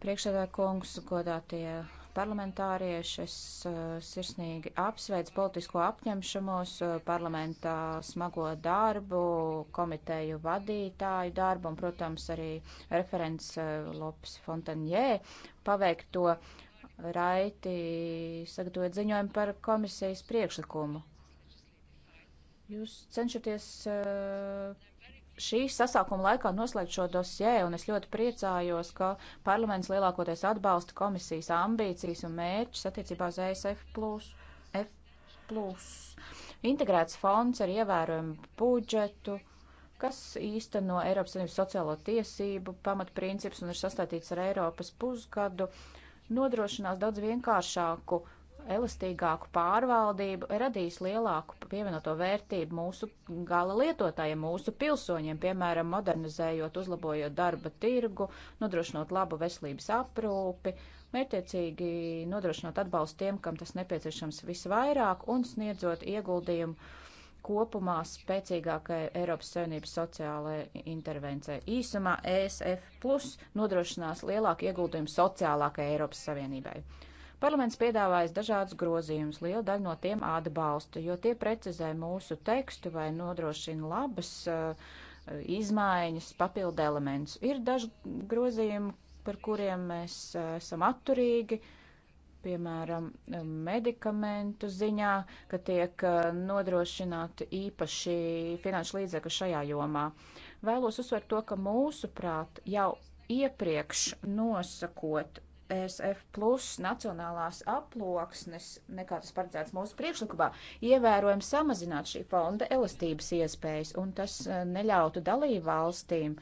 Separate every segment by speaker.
Speaker 1: Priekšsēdā kungs, godātie parlamentārieši, es uh, sirsnīgi apsveicu politisko apņemšanos, uh, parlamentā smago darbu, komiteju vadītāju darbu un, protams, arī referents uh, Lopes Fontanjē paveikto raiti sagatavot ziņojumu par komisijas priekšlikumu. Jūs cenšaties uh, šī sasākuma laikā noslēgt šo dosjē, un es ļoti priecājos, ka parlaments lielākoties atbalsta komisijas ambīcijas un mērķus attiecībā uz ESF. Plus, F+. Integrēts fonds ar ievērojumu budžetu, kas īsteno Eiropas Savienības sociālo tiesību pamatprincips un ir sastādīts ar Eiropas pusgadu, nodrošinās daudz vienkāršāku elastīgāku pārvaldību radīs lielāku pievienoto vērtību mūsu gala lietotājiem, mūsu pilsoņiem, piemēram, modernizējot, uzlabojot darba tirgu, nodrošinot labu veselības aprūpi, mērķiecīgi nodrošinot atbalstu tiem, kam tas nepieciešams visvairāk un sniedzot ieguldījumu kopumā spēcīgākai Eiropas Savienības sociālajai intervencijai. Īsumā ESF plus nodrošinās lielāku ieguldījumu sociālākai Eiropas Savienībai. Parlaments piedāvājas dažādas grozījumus, liela daļa no tiem atbalsta, jo tie precizē mūsu tekstu vai nodrošina labas uh, izmaiņas, papildu elementus. Ir daži grozījumi, par kuriem mēs uh, esam atturīgi, piemēram, medikamentu ziņā, ka tiek uh, nodrošināti īpaši finanšu līdzekļi šajā jomā. Vēlos uzsvērt to, ka mūsuprāt jau iepriekš nosakot ESF plus nacionālās aploksnes, nekā tas paredzēts mūsu priekšlikumā, ievērojami samazināt šī fonda elastības iespējas, un tas e, neļautu dalību valstīm,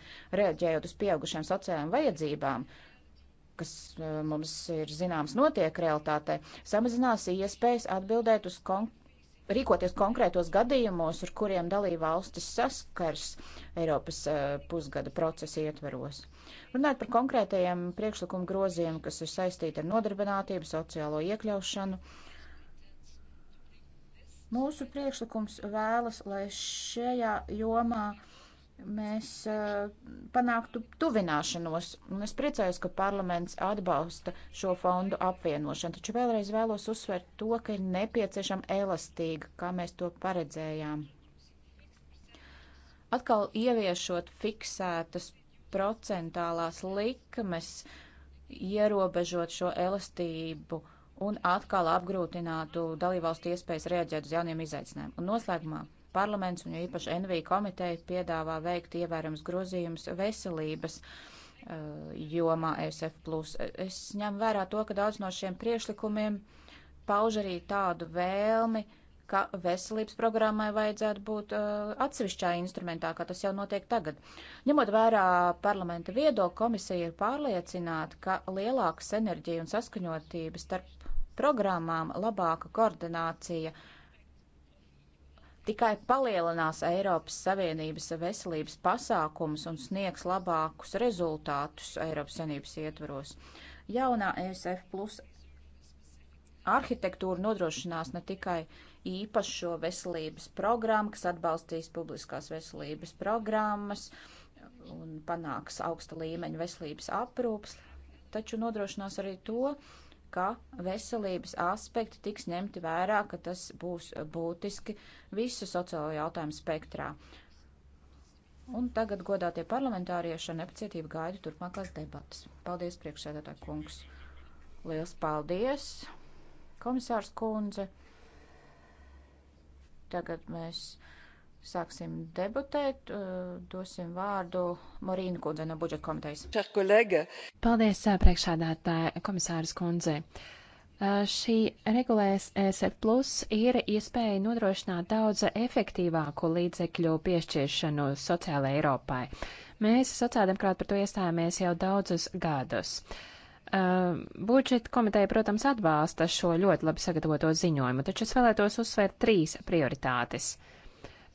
Speaker 1: reaģējot uz pieaugušiem sociālajiem vajadzībām, kas e, mums ir zināms notiek realitātē, samazinās iespējas atbildēt uz konkrētu rīkoties konkrētos gadījumos, ar kuriem dalībvalstis saskars Eiropas eh, pusgada procesa ietveros. Runājot par konkrētajiem priekšlikumu groziem, kas ir saistīti ar nodarbinātību, sociālo iekļaušanu. Mūsu priekšlikums vēlas, lai šajā jomā uh, mēs eh, panāktu tuvināšanos, un es priecājos, ka parlaments atbalsta šo fondu apvienošanu, taču vēlreiz vēlos uzsvērt to, ka ir nepieciešama elastīga, kā mēs to paredzējām. Atkal ieviešot fiksētas procentālās likmes, ierobežot šo elastību un atkal apgrūtinātu dalībvalstu iespējas reaģēt uz jauniem izaicinājumiem. Un noslēgumā parlaments un jo īpaši NV komiteja piedāvā veikt ievērams grozījums veselības eh, jomā ESF. Es ņemu vērā to, ka daudz no šiem priešlikumiem pauž arī tādu vēlmi, ka veselības programmai vajadzētu būt uh, atsevišķā instrumentā, kā tas jau notiek tagad. Ņemot vērā parlamenta viedokli, komisija ir pārliecināta, ka lielāka enerģija un saskaņotība starp programmām, labāka koordinācija uh, tikai palielinās Eiropas Savienības veselības pasākumus un sniegs labākus rezultātus Eiropas Savienības ietvaros. Jaunā ESF plus arhitektūra nodrošinās ne tikai īpašo veselības programmu, kas atbalstīs publiskās veselības programmas un panāks augsta līmeņa veselības aprūpas, taču nodrošinās arī to, ka veselības aspekti tiks ņemti vērā, ka tas būs būtiski visu sociālo jautājumu spektrā. Un tagad godātie parlamentārieši ar nepacietību gaida turpmākās debatas. Paldies, priekšsēdētāj kungs. Liels paldies, komisārs kundze. Tagad mēs. Sāksim debatēt, uh, dosim vārdu Morīnu kundze no budžeta komitejas.
Speaker 2: Paldies, priekšādātāja komisāras kundze. Šī regulēs ESF plus ir iespēja nodrošināt daudz efektīvāku līdzekļu piešķiršanu sociālajai Eiropai. Mēs sociāldemokrāti par to iestājāmies jau daudzus gadus. Uh, budžeta komiteja, protams, atbalsta šo ļoti labi sagatavoto ziņojumu, taču es vēlētos uzsvērt trīs prioritātes. Uh,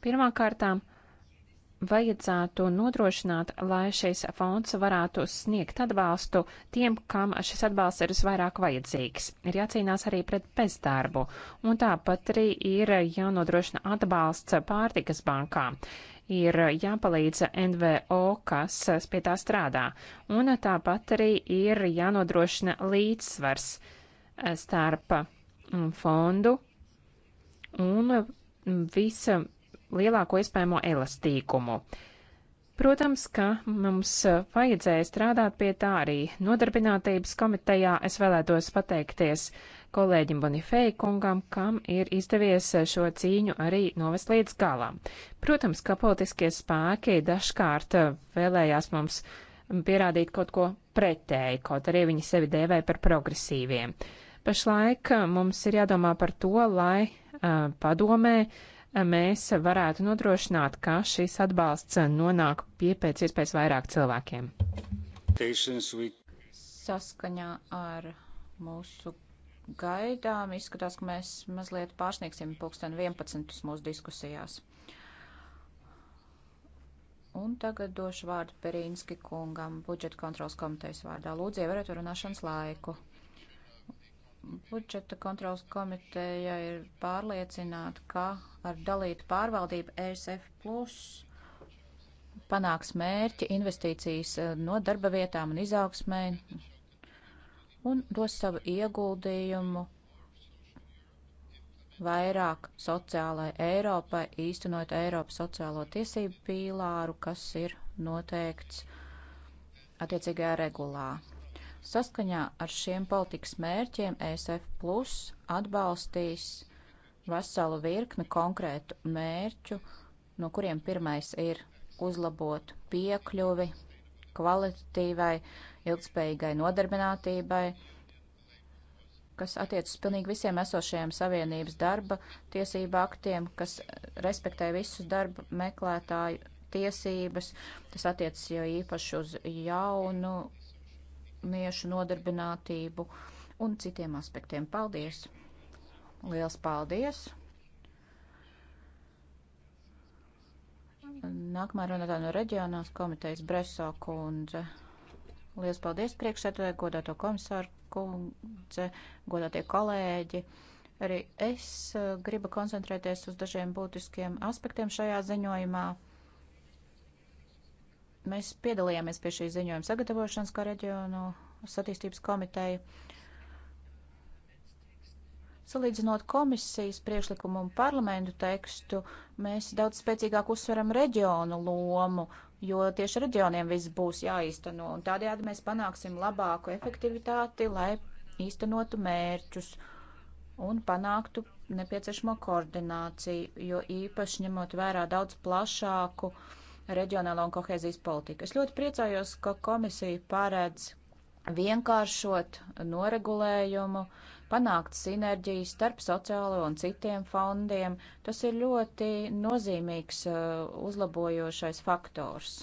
Speaker 2: Pirmkārtām, vajadzētu nodrošināt, lai šis fonds varētu sniegt atbalstu tiem, kam šis atbalsts ir visvairāk vajadzīgs. Ir jācīnās arī pret bezdarbu, un tāpat arī ir jānodrošina atbalsts pārtikas bankām. Ir jāpalīdz NVO, kas pie tā strādā, un tāpat arī ir jānodrošina līdzsvars starp fondu un visa lielāko iespējamo elastīgumu. Protams, ka mums vajadzēja strādāt pie tā arī nodarbinātības komitejā. Es vēlētos pateikties kolēģim Bonifei kungam, kam ir izdevies šo cīņu arī novest līdz galam. Protams, ka politiskie spēki dažkārt vēlējās mums pierādīt kaut ko pretēji, kaut arī viņi sevi dēvē par progresīviem. Pašlaik mums ir jādomā par to, lai uh, padomē uh, mēs varētu nodrošināt, ka šis atbalsts
Speaker 1: nonāk pie pēc iespējas vairāk cilvēkiem. Saskaņā ar mūsu gaidām izskatās, ka mēs mazliet pārsniegsim pulksten 11. mūsu diskusijās. Un tagad došu vārdu Perīnski kungam budžeta kontrols komitejas vārdā. Lūdzu, ievērēt runāšanas laiku. Budžeta kontrolas komiteja ir pārliecināta, ka ar dalītu pārvaldību ESF plus panāks mērķi investīcijas eh, no darba vietām un izaugsmē un dos savu ieguldījumu vairāk sociālai Eiropai, īstenot Eiropas sociālo tiesību pīlāru, kas ir noteikts attiecīgajā regulā. Saskaņā ar šiem politikas mērķiem ESF Plus atbalstīs veselu virkni konkrētu mērķu, no kuriem pirmais ir uzlabot piekļuvi kvalitatīvai, ilgspējīgai nodarbinātībai, kas attiecas pilnīgi visiem esošajiem savienības darba tiesību aktiem, kas respektē visus darba meklētāju tiesības. Tas attiecas jau īpaši uz jaunu jauniešu nodarbinātību un citiem aspektiem. Paldies! Liels paldies! Nākamā runātā no reģionās komitejas Breso kundze. Liels paldies priekšsēdētāji, godāto komisāru kundze, godātie kolēģi. Arī es eh, gribu koncentrēties uz dažiem būtiskiem aspektiem šajā ziņojumā. Mēs piedalījāmies pie šī ziņojuma sagatavošanas kā reģionu satīstības komiteja. Salīdzinot komisijas priekšlikumu un parlamentu tekstu, mēs daudz spēcīgāk uzsveram reģionu lomu, jo tieši reģioniem viss būs jāīsteno, un tādējādi mēs panāksim labāku efektivitāti, lai īstenotu mērķus un panāktu nepieciešamo koordināciju, jo īpaši ņemot vērā daudz plašāku uh, reģionālo un kohēzijas politiku. Es ļoti priecājos, ka komisija pārēdz vienkāršot noregulējumu, panākt sinerģiju starp sociālo un citiem fondiem. Tas ir ļoti nozīmīgs uh, uzlabojošais faktors.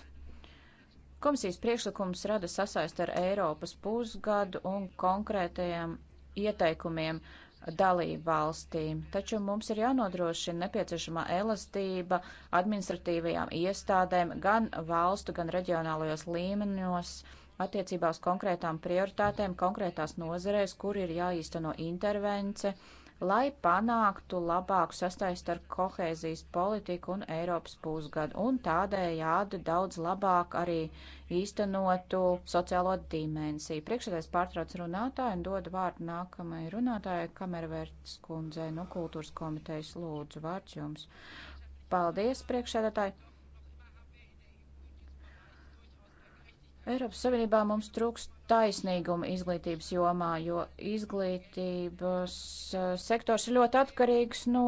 Speaker 1: Komisijas priekšlikums rada sasaist ar Eiropas pusgadu un konkrētajiem ieteikumiem dalību valstīm, taču mums ir jānodrošina nepieciešamā elastība administratīvajām iestādēm gan valstu, gan reģionālajos līmeņos attiecībā uz konkrētām prioritātēm, konkrētās nozerēs, kur ir jāīsteno intervence, uh, lai panāktu labāku sasaist ar kohēzijas politiku un Eiropas pusgadu, un tādējādi daudz labāk arī īstenotu sociālo dimensiju. Priekšsēdēs pārtrauc runātāju un dod vārdu nākamajai runātājai Kamervērts kundzei no kultūras komitejas lūdzu vārds jums. Paldies, priekšsēdētāji! Eiropas Savienībā mums trūks taisnīguma izglītības jomā, jo izglītības eh, sektors ir ļoti atkarīgs no,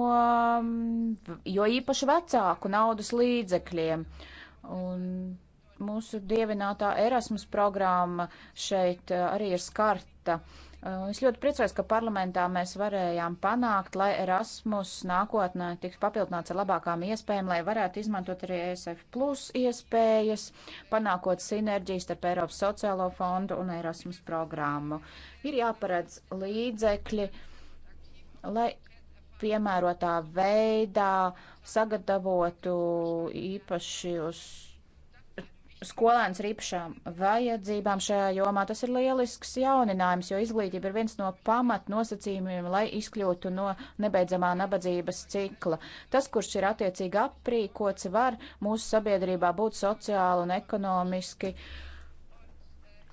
Speaker 1: mm, jo īpaši vecāku naudas līdzekļiem. Un mūsu dievinātā Erasmus programma šeit eh, arī ir skarta. Uh, Uh, es ļoti priecājos, ka parlamentā mēs varējām panākt, lai Erasmus nākotnē tiks papildināts ar labākām iespējām, lai varētu izmantot arī ESF plus iespējas, panākot sinerģijas starp Eiropas sociālo fondu un Erasmus programmu. Ir jāparedz līdzekļi, lai piemērotā veidā sagatavotu īpaši uz skolēns ar īpašām vajadzībām šajā jomā. Tas ir lielisks jauninājums, jo izglītība ir viens no pamat nosacījumiem, lai izkļūtu no nebeidzamā nabadzības cikla. Tas, kurš ir attiecīgi aprīkots, var mūsu sabiedrībā būt sociāli un ekonomiski uh,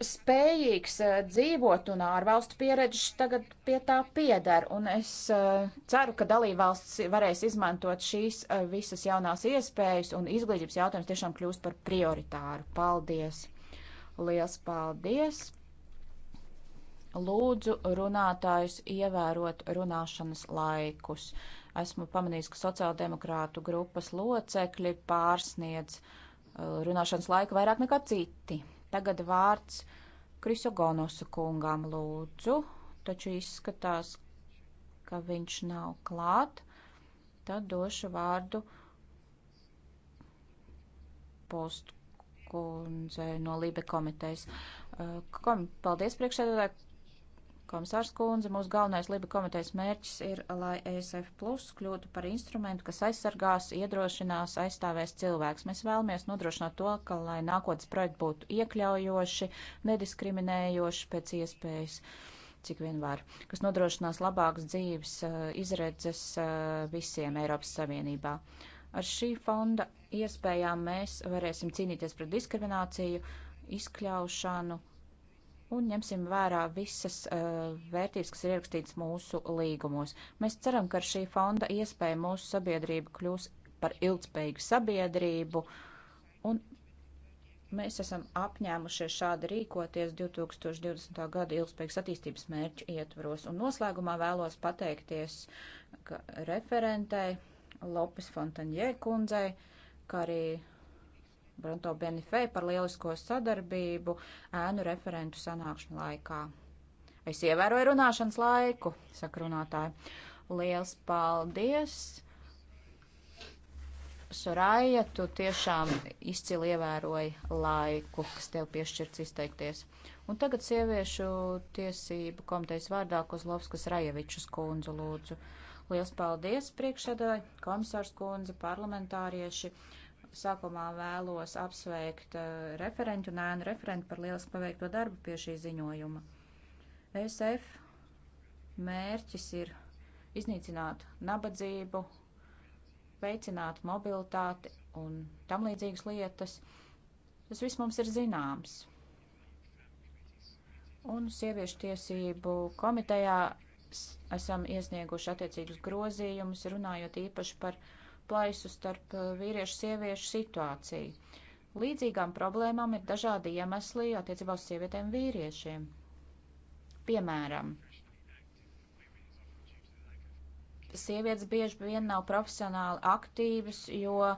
Speaker 1: spējīgs eh, dzīvot un ārvalstu pieredžu tagad pie tā pieder. Un es eh, ceru, ka dalībvalsts varēs izmantot šīs eh, visas jaunās iespējas un izglītības jautājums tiešām kļūst par prioritāru. Paldies! Liels paldies! Lūdzu runātājus ievērot runāšanas laikus. Esmu pamanījis, ka sociāldemokrātu grupas locekļi pārsniedz runāšanas laiku vairāk nekā citi. Tagad vārds Krisogonosa kungām lūdzu, taču izskatās, ka viņš nav klāt. Tad došu vārdu postkundze no Lībe komitejas. Kom, paldies priekšsēdētāji Komisārs Kūnze, mūsu galvenais Liba komitejas mērķis ir, lai ESF Plus kļūtu par instrumentu, kas aizsargās, iedrošinās, aizstāvēs cilvēks. Mēs vēlamies nodrošināt to, ka, lai nākotnes projekti būtu iekļaujoši, nediskriminējoši pēc iespējas cik vien var, kas nodrošinās labākas dzīves eh, izredzes eh, visiem Eiropas Savienībā. Ar šī fonda iespējām mēs varēsim cīnīties pret diskrimināciju, izkļaušanu, un ņemsim vērā visas uh, vērtības, kas ir ierakstītas mūsu līgumos. Mēs ceram, ka ar šī fonda iespēja mūsu sabiedrība kļūs par ilgspējīgu sabiedrību, un mēs esam apņēmušies šādi rīkoties 2020. gada ilgspējīgas attīstības mērķu ietvaros. Un noslēgumā vēlos pateikties referentei Lopes Fontanjē kundzei, kā arī Branto Benifei par lielisko sadarbību ēnu referentu sanākšanu laikā. Es ievēroju runāšanas laiku, saka runātāji. Liels paldies! Soraja, tu tiešām izcili ievēroji laiku, kas tev piešķirts izteikties. Un tagad sieviešu tiesību komitejas vārdā Kozlovskas Rajevičus kundzu lūdzu. Liels paldies priekšsēdāji, komisārs kundze, parlamentārieši. Uh, Sākumā vēlos apsveikt uh, referentu un ēnu referentu par lielisku paveikto darbu pie šī ziņojuma. E SF mērķis ir iznīcināt nabadzību, veicināt mobilitāti un tam līdzīgas lietas. Tas viss mums ir zināms. Un sieviešu tiesību komitejā esam iesnieguši attiecīgus grozījumus, runājot īpaši par uh, plaisu starp eh, vīriešu sieviešu situāciju. Līdzīgām problēmām ir dažādi iemesli attiecībā uz sievietēm vīriešiem. Piemēram, sievietes bieži vien nav profesionāli aktīvas, jo uh,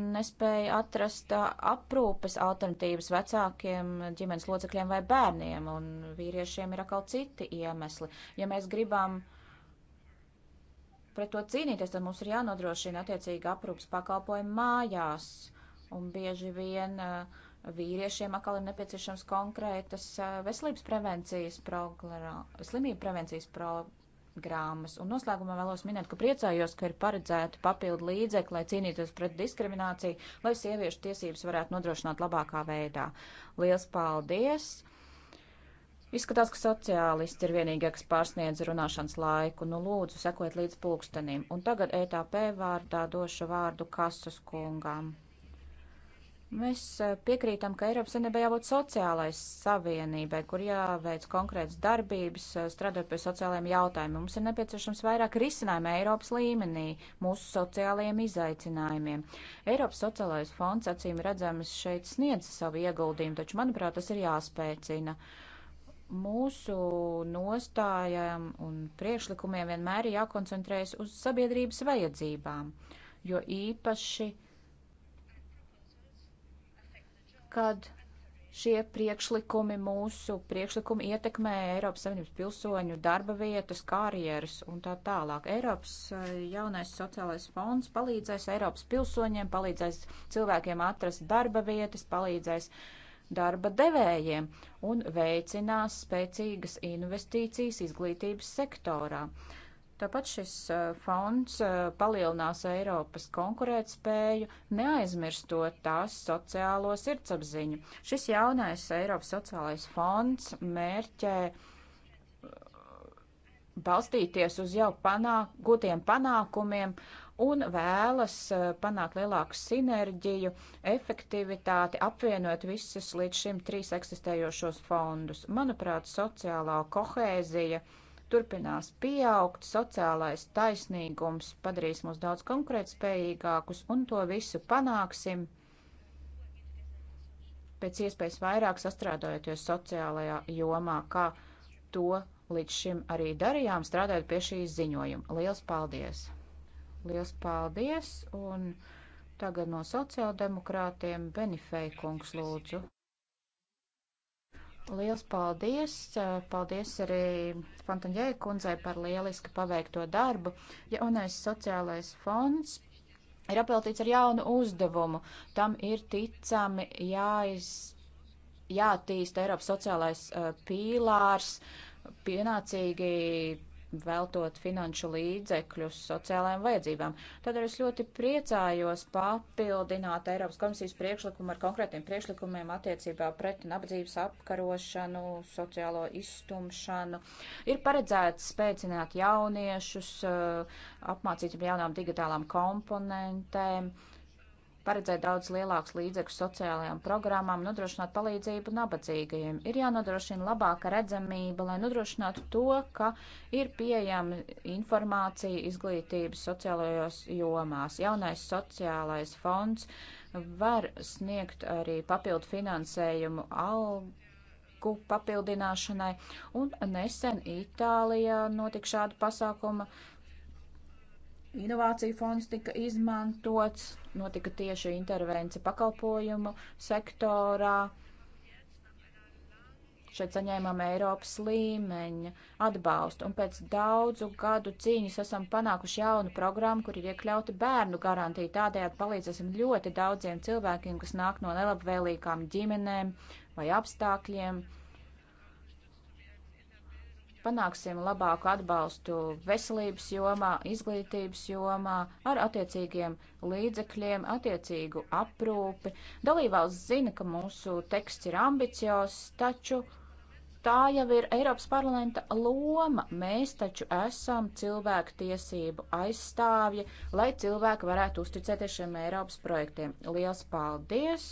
Speaker 1: nespēja atrast uh, aprūpes alternatīvas vecākiem ģimenes locekļiem vai bērniem, un vīriešiem ir atkal citi iemesli. Ja mēs gribam uh, pret to cīnīties, tad mums ir jānodrošina attiecīgi aprūpas pakalpojumi mājās. Un bieži vien eh, vīriešiem atkal ir nepieciešams konkrētas eh, veselības prevencijas programmas, slimību prevencijas programmas. Un noslēgumā vēlos minēt, ka priecājos, ka ir paredzēta papildu līdzekļi, lai cīnītos pret diskrimināciju, lai sieviešu tiesības varētu nodrošināt labākā veidā. Liels paldies! Izskatās, ka sociālisti ir vienīgie, kas pārsniedz runāšanas laiku. Nu, lūdzu, sekojiet līdz pulkstenim. Un tagad ETP vārdā došu vārdu Kasus kungām. Mēs e, piekrītam, ka Eiropas Savienībai jābūt sociālai savienībai, kur jāveic konkrētas darbības, e, strādājot pie sociālajiem jautājumiem. Mums ir nepieciešams vairāk risinājumu Eiropas līmenī mūsu sociālajiem izaicinājumiem. Eiropas sociālais fonds acīm redzams šeit sniedz savu ieguldījumu, taču, manuprāt, tas ir jāspēcina. Uh, mūsu nostājām un priekšlikumiem vienmēr ir jākoncentrējas uz sabiedrības vajadzībām, jo īpaši, kad šie priekšlikumi mūsu priekšlikumi ietekmē Eiropas Savienības pilsoņu darba vietas, karjeras un tā tālāk. Eiropas eh, jaunais sociālais fonds palīdzēs Eiropas pilsoņiem, palīdzēs cilvēkiem atrast darba vietas, palīdzēs uh, darba devējiem un veicinās spēcīgas investīcijas izglītības sektorā. Tāpat šis fonds palielinās Eiropas konkurētspēju, neaizmirstot tās sociālo sirdsapziņu. Šis jaunais Eiropas sociālais fonds mērķē balstīties uz jau panāk, gūtiem panākumiem un vēlas eh, panākt lielāku sinerģiju, efektivitāti, apvienot visus līdz šim trīs eksistējošos fondus. Manuprāt, sociālā kohēzija turpinās pieaugt, sociālais taisnīgums padarīs mūs daudz konkurētspējīgākus, un to visu panāksim pēc iespējas vairāk sastrādājoties sociālajā jomā, kā to līdz šim arī darījām, strādājot pie šīs ziņojuma. Lielas paldies! Liels paldies! Un tagad no sociāldemokrātiem Benifei kungs lūdzu. Liels paldies! Paldies arī Fontaņai kundzei par lieliski paveikto darbu. Jaunais sociālais fonds ir apeltīts ar jaunu uzdevumu. Tam ir ticami jāiz, jātīst Eiropas sociālais uh, pīlārs, pienācīgi veltot finanšu līdzekļus sociālajām vajadzībām. Tādēļ es ļoti priecājos papildināt Eiropas komisijas priekšlikumu ar konkrētiem priekšlikumiem attiecībā pret nabadzības apkarošanu, sociālo izstumšanu. Ir paredzēts spēcināt jauniešus, eh, apmācīt jaunām digitālām komponentēm paredzēt daudz lielākus līdzekļus sociālajām programmām, nodrošināt palīdzību nabadzīgajiem. Ir jānodrošina labāka redzamība, lai nodrošinātu to, ka ir pieejama informācija izglītības sociālajos jomās. Jaunais sociālais fonds var sniegt arī papildu finansējumu algu banku papildināšanai, un nesen Itālijā notika šāda pasākuma inovāciju fonds tika izmantots, notika tieši intervence pakalpojumu sektorā. Šeit saņēmām Eiropas līmeņa atbalstu, un pēc daudzu gadu cīņas esam panākuši jaunu programmu, kur ir iekļauti bērnu garantija. Tādējādi palīdzēsim ļoti daudziem cilvēkiem, kas nāk no nelabvēlīgām ģimenēm vai apstākļiem panāksim labāku atbalstu veselības jomā, izglītības jomā, ar attiecīgiem līdzekļiem, attiecīgu aprūpi. Dalībvalsts zina, ka mūsu teksts ir ambiciozs, taču tā jau ir Eiropas parlamenta loma. Mēs taču esam cilvēku tiesību aizstāvji, lai cilvēki varētu uzticēties šiem Eiropas projektiem. Liels paldies!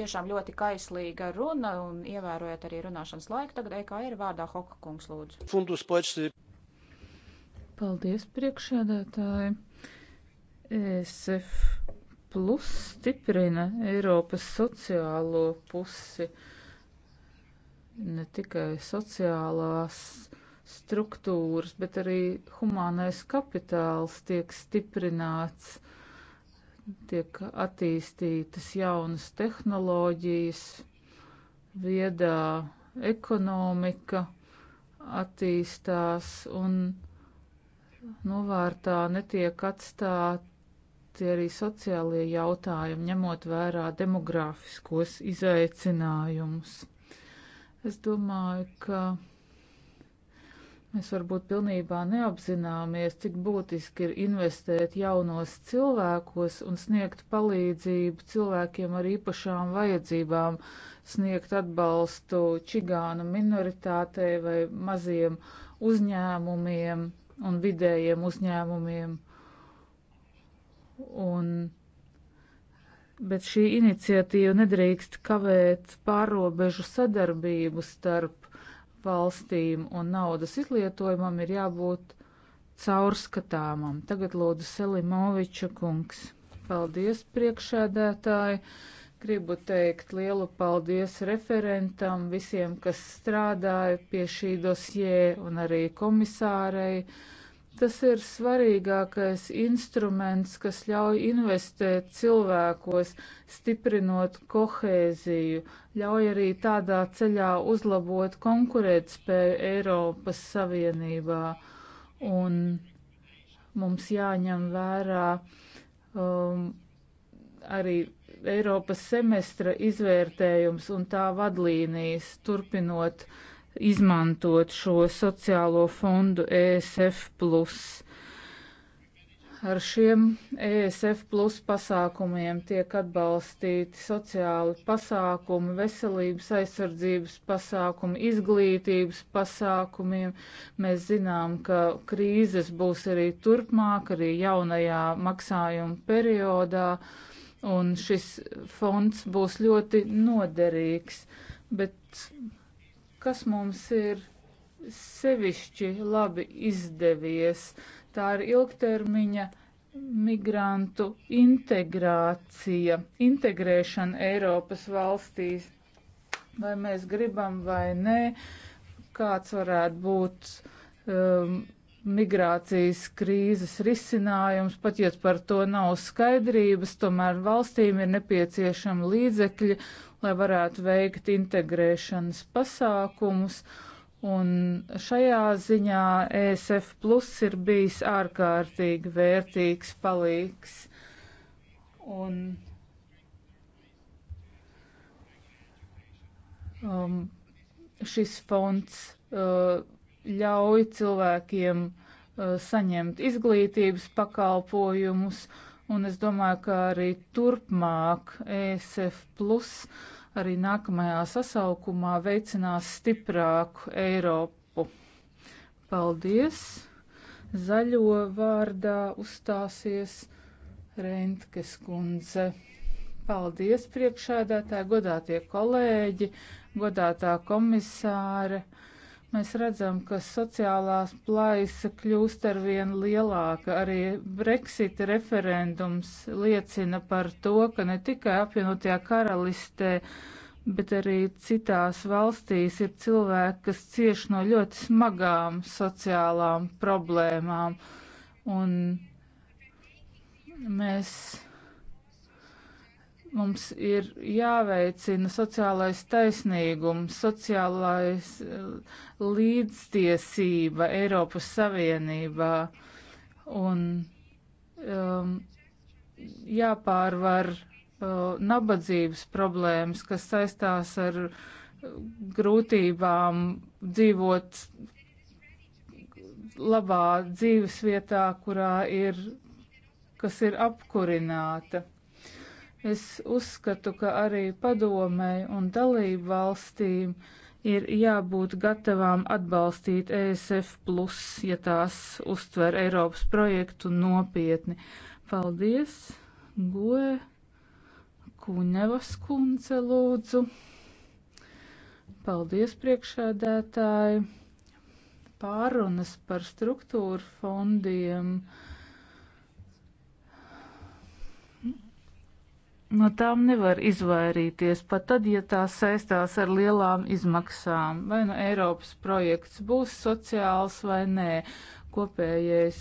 Speaker 1: tiešām ļoti kaislīga runa un ievērojot arī runāšanas laiku. Tagad EKR vārdā Hoka kungs lūdzu.
Speaker 3: Fundus poči. Paldies priekšādātāji. ESF plus stiprina Eiropas sociālo pusi, ne tikai sociālās struktūras, bet arī humānais kapitāls tiek stiprināts tiek attīstītas jaunas tehnoloģijas, viedā ekonomika attīstās un novārtā netiek atstāti arī sociālie jautājumi, ņemot vērā demogrāfiskos izaicinājumus. Es domāju, ka Mēs varbūt pilnībā neapzināmies, cik būtiski ir investēt jaunos cilvēkos un sniegt palīdzību cilvēkiem ar īpašām vajadzībām, sniegt atbalstu čigānu minoritātei vai maziem uzņēmumiem un vidējiem uzņēmumiem. Un, bet šī iniciatīva nedrīkst kavēt pārobežu sadarbību starp valstīm un naudas izlietojumam ir jābūt caurskatāmam. Tagad lūdzu Selimoviča kungs. Paldies, priekšēdētāji! Gribu teikt lielu paldies referentam, visiem, kas strādāja pie šī dosjē un arī komisārei. Tas ir svarīgākais instruments, kas ļauj investēt cilvēkos, stiprinot kohēziju, ļauj arī tādā ceļā uzlabot konkurētspēju Eiropas Savienībā. Un mums jāņem vērā um, arī Eiropas semestra izvērtējums un tā vadlīnijas turpinot uh, izmantot šo sociālo fondu ESF. Ar šiem ESF plus pasākumiem tiek atbalstīti sociāli pasākumi, veselības aizsardzības pasākumi, izglītības pasākumiem. Mēs zinām, ka krīzes būs arī turpmāk, arī jaunajā maksājuma periodā, un šis fonds būs ļoti noderīgs. Bet kas mums ir sevišķi labi izdevies. Tā ir ilgtermiņa migrantu integrācija, integrēšana Eiropas valstīs. Vai mēs gribam vai nē, kāds varētu būt um, migrācijas krīzes risinājums, pat ja par to nav skaidrības, tomēr valstīm ir nepieciešama līdzekļi, lai varētu veikt integrēšanas pasākumus. Un šajā ziņā ESF Plus ir bijis ārkārtīgi vērtīgs palīgs. Un, um, šis fonds uh, ļauj cilvēkiem uh, saņemt izglītības pakalpojumus. Uh, Un es domāju, ka arī turpmāk ESF plus arī nākamajā sasaukumā veicinās stiprāku Eiropu. Paldies! Zaļo vārdā uzstāsies Rentges kundze. Paldies, priekšēdētāji, godātie kolēģi, godātā komisāre. Uh, Mēs redzam, ka sociālās plaisa kļūst ar vien lielāka. Arī Brexit referendums liecina par to, ka ne tikai apvienotajā karalistē, bet arī citās valstīs ir cilvēki, kas cieš no ļoti smagām sociālām problēmām. Un mēs Mums ir jāveicina sociālais taisnīgums, sociālais eh, līdztiesība Eiropas Savienībā un um, jāpārvar uh, nabadzības problēmas, kas saistās ar eh, grūtībām dzīvot labā dzīves vietā, kurā ir, kas ir apkurināta. Es uzskatu, ka arī padomēji un dalību valstīm ir jābūt gatavām atbalstīt ESF, plus, ja tās uztver Eiropas projektu nopietni. Paldies, Goe, Kuņevas kundze, lūdzu. Paldies, priekšādētāji. Pārunas par struktūru fondiem No tām nevar izvairīties, pat tad, ja tās saistās ar lielām izmaksām. Vai nu no Eiropas projekts būs sociāls vai nē, kopējais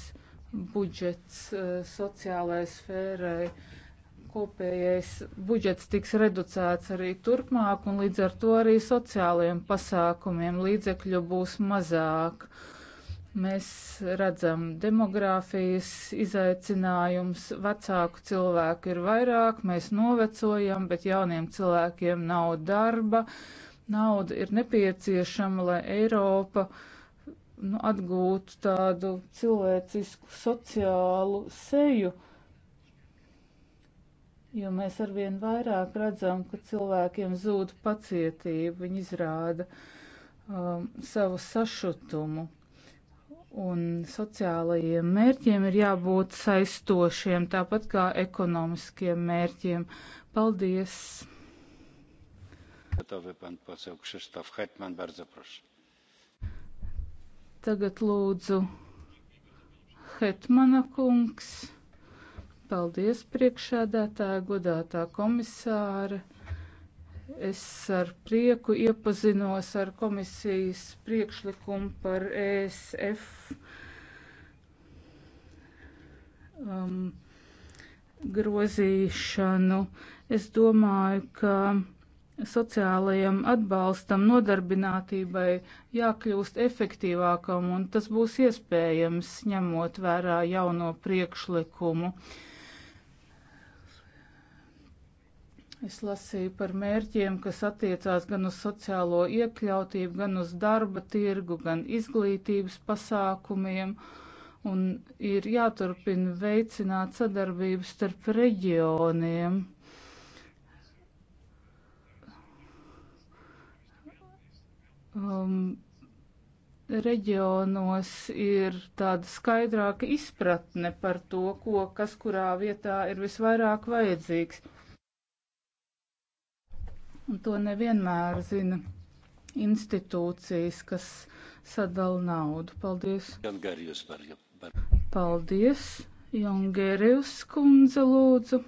Speaker 3: budžets eh, sociālai sfērai, kopējais budžets tiks reducēts arī turpmāk, un līdz ar to arī sociālajiem pasākumiem līdzekļu būs mazāk. Uh, Mēs redzam demogrāfijas izaicinājums, vecāku cilvēku ir vairāk, mēs novecojam, bet jauniem cilvēkiem nav darba. Nauda ir nepieciešama, lai Eiropa nu, atgūtu tādu cilvēcisku, sociālu seju. Jo mēs arvien vairāk redzam, ka cilvēkiem zūd pacietība, viņi izrāda um, savu sašutumu un sociālajiem mērķiem ir jābūt saistošiem, tāpat kā ekonomiskiem mērķiem. Paldies! Tagad lūdzu Hetmana kungs. Paldies priekšēdētāja, godātā komisāra. Es ar prieku iepazinos ar komisijas priekšlikumu par ESF um, grozīšanu. Es domāju, ka sociālajam atbalstam, nodarbinātībai jākļūst efektīvākam, un tas būs iespējams ņemot vērā jauno priekšlikumu. Uh, Es lasīju par mērķiem, kas attiecās gan uz sociālo iekļautību, gan uz darba tirgu, gan izglītības pasākumiem, un ir jāturpina veicināt sadarbību starp reģioniem. Um, reģionos ir tāda skaidrāka izpratne par to, ko, kas kurā vietā ir visvairāk vajadzīgs un to nevienmēr zina institūcijas, kas sadala naudu. Paldies! Paldies, Jongerijus kundze, lūdzu!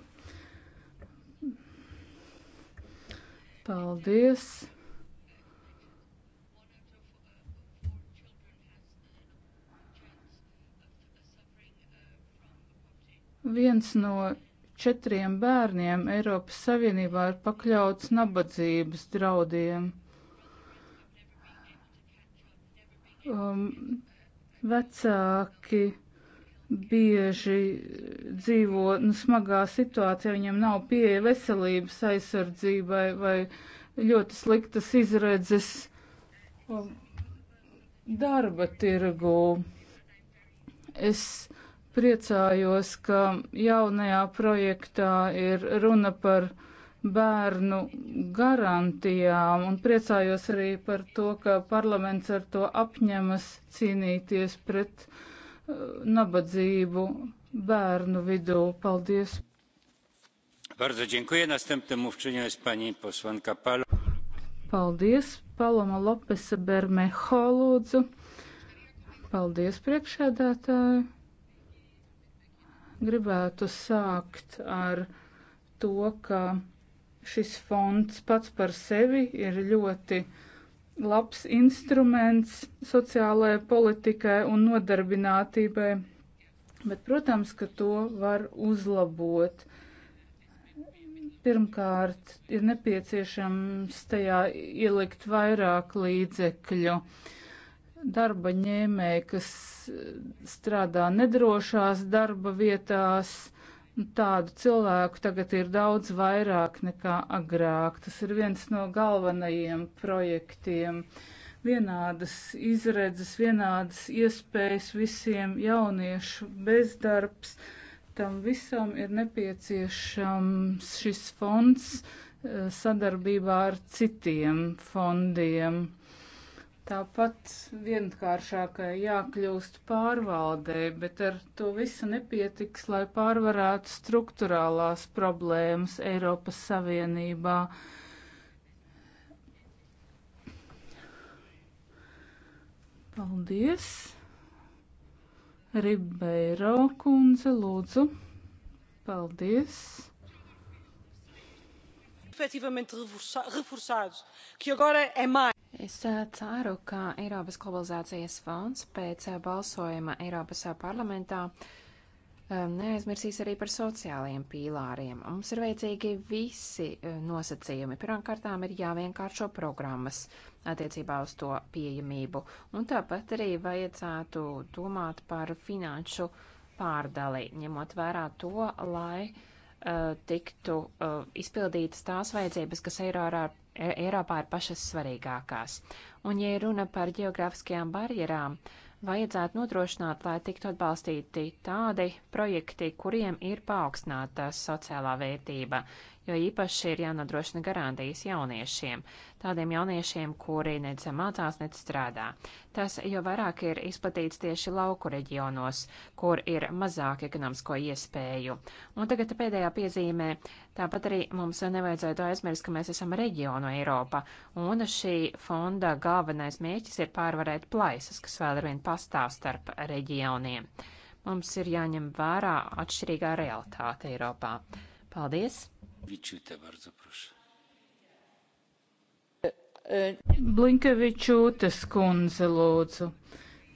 Speaker 3: Paldies! viens no četriem bērniem Eiropas Savienībā ir pakļauts nabadzības draudiem. Um, vecāki bieži dzīvo nu, smagā situācijā, viņiem nav pieeja veselības aizsardzībai vai ļoti sliktas izredzes um, darba tirgū. Es priecājos, ka jaunajā projektā ir runa par bērnu garantijām un priecājos arī par to, ka parlaments ar to apņemas cīnīties pret uh, nabadzību bērnu vidū. Paldies!
Speaker 1: Bardzo dziękuję. Następnym mówczynią jest pani posłanka Palo.
Speaker 3: Paldies, Paloma Lopesa Bermeho, lūdzu. Paldies, priekšēdētāji gribētu sākt ar to, ka šis fonds pats par sevi ir ļoti labs instruments sociālajai politikai un nodarbinātībai, bet, protams, ka to var uzlabot. Pirmkārt, ir nepieciešams tajā ielikt vairāk līdzekļu. Uh, darba ņēmēji, kas eh, strādā nedrošās darba vietās. Tādu cilvēku tagad ir daudz vairāk nekā agrāk. Tas ir viens no galvenajiem projektiem. Vienādas izredzes, vienādas iespējas visiem jauniešu bezdarbs. Tam visam ir nepieciešams šis fonds eh, sadarbībā ar citiem fondiem. Tāpat vienkāršākai jākļūst pārvaldei, bet ar to visu nepietiks, lai pārvarētu struktūrālās problēmas Eiropas Savienībā. Paldies! Ribeiro kundze, lūdzu. Paldies! efetivamente reforçados, que agora
Speaker 2: é mais. Es eh, ceru, ka Eiropas globalizācijas fonds pēc eh, balsojuma Eiropas eh, parlamentā neaizmirsīs arī par sociālajiem pīlāriem. Mums ir vajadzīgi visi nosacījumi. Pirmkārtām ir jāvienkāršo programmas attiecībā uz to pieejamību, un tāpat arī vajadzētu domāt par finanšu pārdali, ņemot vērā to, lai uh, tiktu uh, izpildītas tās vajadzības, kas eiro ar E, Eiropā ir pašas svarīgākās. Un, ja runa par geogrāfiskajām barjerām, vajadzētu nodrošināt, lai tiktu atbalstīti tādi projekti, kuriem ir paaugstināta sociālā vērtība, jo īpaši ir jānodrošina garantijas jauniešiem, tādiem jauniešiem, kuri nec mācās, nec strādā. Tas jau vairāk ir izplatīts tieši lauku reģionos, kur ir mazāk ekonomisko iespēju. Un tagad pēdējā piezīmē, tāpat arī mums nevajadzētu aizmirst, ka mēs esam reģionu Eiropa, un šī fonda galvenais mērķis ir pārvarēt plaisas, kas vēl ar vien pastāv starp reģioniem mums ir jāņem vērā atšķirīgā realitāte Eiropā.
Speaker 3: Paldies! Vičute, bardzo prošu. Blinkevičūtes kundze lūdzu.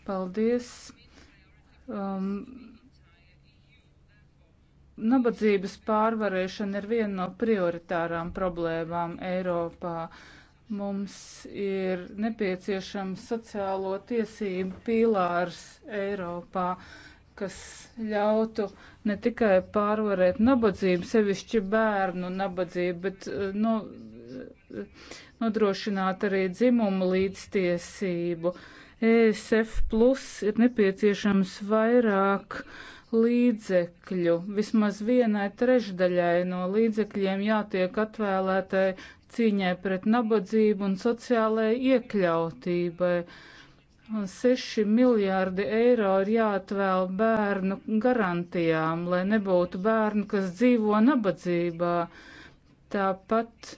Speaker 3: Paldies. Um, nabadzības pārvarēšana ir viena no prioritārām problēmām Eiropā. Mums ir nepieciešams sociālo tiesību pīlārs Eiropā. Uh, kas ļautu ne tikai pārvarēt nabadzību, sevišķi bērnu nabadzību, bet eh, no, eh, nodrošināt arī dzimumu līdztiesību. ESF plus ir nepieciešams vairāk līdzekļu. Vismaz vienai trešdaļai no līdzekļiem jātiek atvēlētai cīņai pret nabadzību un sociālajai iekļautībai. 6 miljārdi eiro ir jāatvēl bērnu garantijām, lai nebūtu bērnu, kas dzīvo nabadzībā. Tāpat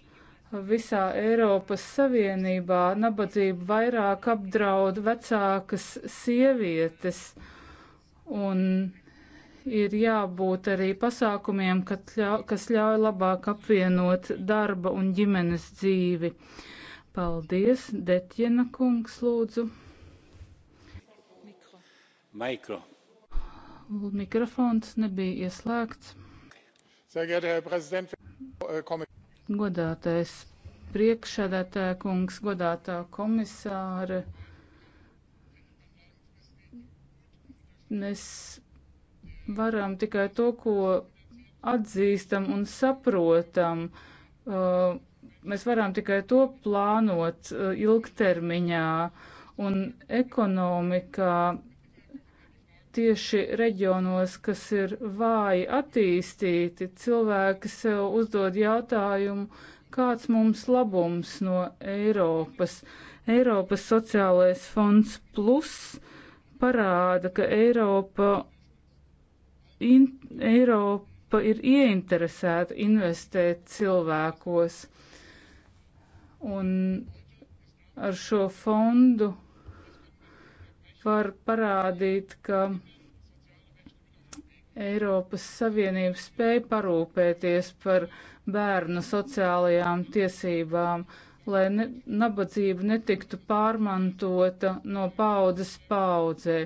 Speaker 3: visā Eiropas Savienībā nabadzību vairāk apdraud vecākas sievietes un ir jābūt arī pasākumiem, kas ļauj labāk apvienot darba un ģimenes dzīvi. Paldies, Detjena kungs, lūdzu. Mikro. Mikrofons nebija ieslēgts. Godātais priekšsēdētāja kungs, godātā komisāre, mēs varam tikai to, ko atzīstam un saprotam. Uh, mēs varam tikai to plānot uh, ilgtermiņā un ekonomikā tieši reģionos, kas ir vāji attīstīti, cilvēki sev uzdod jautājumu, kāds mums labums no Eiropas. Eiropas sociālais fonds plus parāda, ka Eiropa, in, Eiropa ir ieinteresēta investēt cilvēkos. Un ar šo fondu var parādīt, ka Eiropas Savienība spēja parūpēties par bērnu sociālajām tiesībām, lai ne, nabadzība netiktu pārmantota no paudzes paudzē.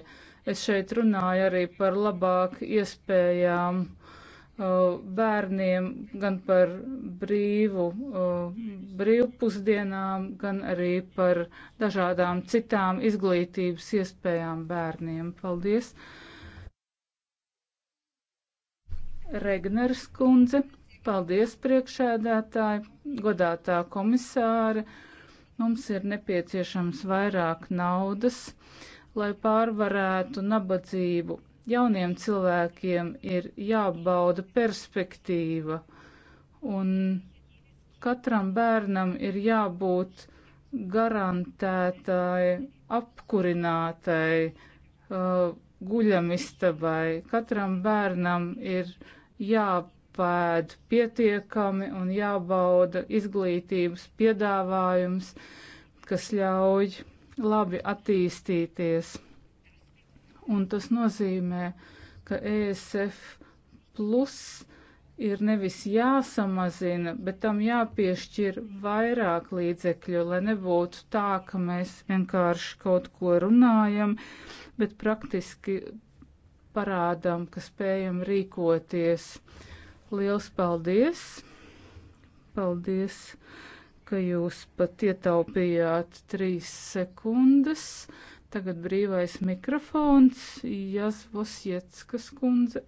Speaker 3: Es šeit runāju arī par labāk iespējām bērniem gan par brīvu, brīvpusdienām, gan arī par dažādām citām izglītības iespējām bērniem. Paldies! Regners kundze, paldies priekšēdētāji, godātā komisāre. Mums ir nepieciešams vairāk naudas, lai pārvarētu nabadzību Jauniem cilvēkiem ir jābauda perspektīva, un katram bērnam ir jābūt garantētai, apkurinātai, uh, guļamistabai. Katram bērnam ir jāpēd pietiekami un jābauda izglītības piedāvājums, kas ļauj labi attīstīties un tas nozīmē, ka ESF plus ir nevis jāsamazina, bet tam jāpiešķir vairāk līdzekļu, lai nebūtu tā, ka mēs vienkārši kaut ko runājam, bet praktiski parādām, ka spējam rīkoties. Liels paldies! Paldies, ka jūs pat ietaupījāt trīs sekundes. Tagad brīvais mikrofons Jasvosieckas kundze.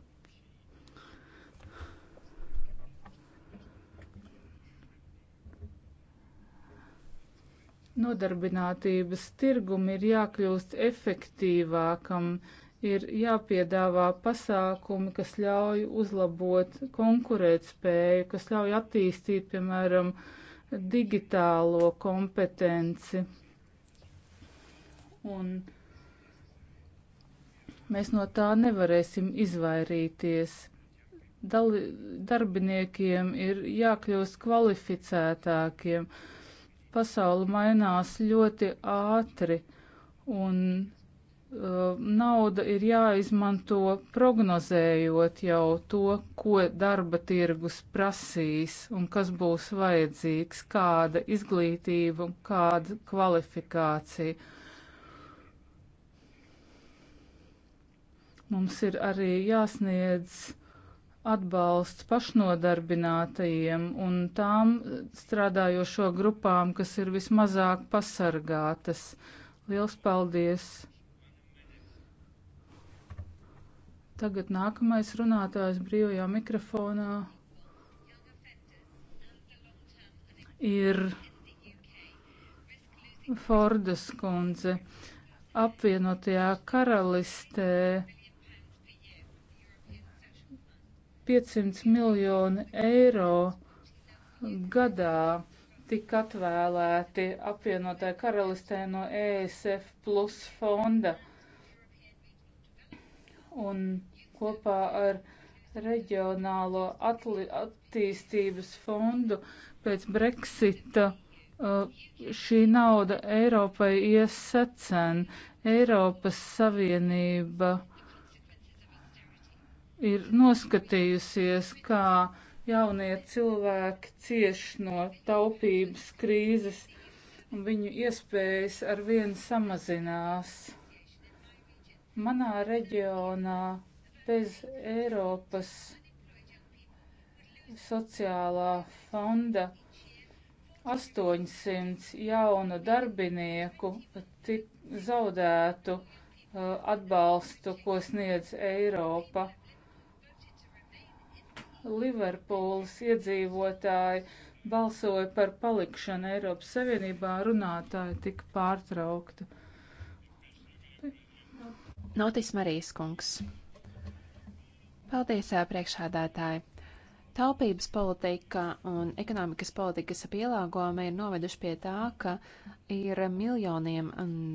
Speaker 3: Nodarbinātības tirgum ir jākļūst efektīvākam, ir jāpiedāvā pasākumi, kas ļauj uzlabot konkurētspēju, kas ļauj attīstīt, piemēram, digitālo kompetenci un mēs no tā nevarēsim izvairīties. Dali, darbiniekiem ir jākļūst kvalificētākiem. Pasaula mainās ļoti ātri un uh, nauda ir jāizmanto prognozējot jau to, ko darba tirgus prasīs un kas būs vajadzīgs, kāda izglītība un kāda kvalifikācija. Mums ir arī jāsniedz atbalsts pašnodarbinātajiem un tām strādājošo grupām, kas ir vismazāk pasargātas. Liels paldies! Tagad nākamais runātājs brīvajā mikrofonā ir Fordas kundze apvienotajā karalistē 500 miljoni eiro gadā tika atvēlēti apvienotāji karalistē no ESF plus fonda. Un kopā ar reģionālo attīstības fondu pēc Brexita uh, šī nauda Eiropai ies secen. Eiropas Savienība ir noskatījusies, kā jaunie cilvēki cieš no taupības krīzes un viņu iespējas ar vienu samazinās. Manā reģionā bez Eiropas sociālā fonda 800 jaunu darbinieku tik zaudētu uh, atbalstu, ko sniedz Eiropa Liverpūles iedzīvotāji balsoja par palikšanu Eiropas Savienībā, runātāji tika pārtraukta. Notis Marijas
Speaker 2: kungs. Paldies, priekšādātāji! Taupības politika un ekonomikas politikas pielāgojumi ir noveduši pie tā, ka ir miljoniem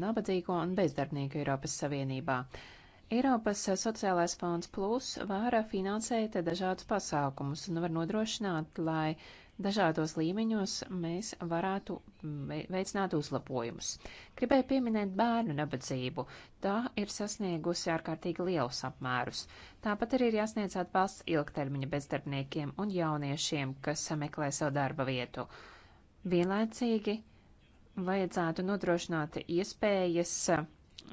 Speaker 2: nabadzīgo un bezdarbnieku Eiropas Savienībā. Uh, Eiropas sociālais fonds plus var finansēt dažādus pasākumus un var nodrošināt, lai dažādos līmeņos mēs varētu veicināt uzlabojumus. Gribēju pieminēt bērnu nabadzību. Tā ir sasniegusi ārkārtīgi lielus apmērus. Tāpat arī ir jāsniedz atbalsts ilgtermiņa bezdarbniekiem un jauniešiem, kas sameklē savu darba vietu. Vienlaicīgi vajadzētu nodrošināt iespējas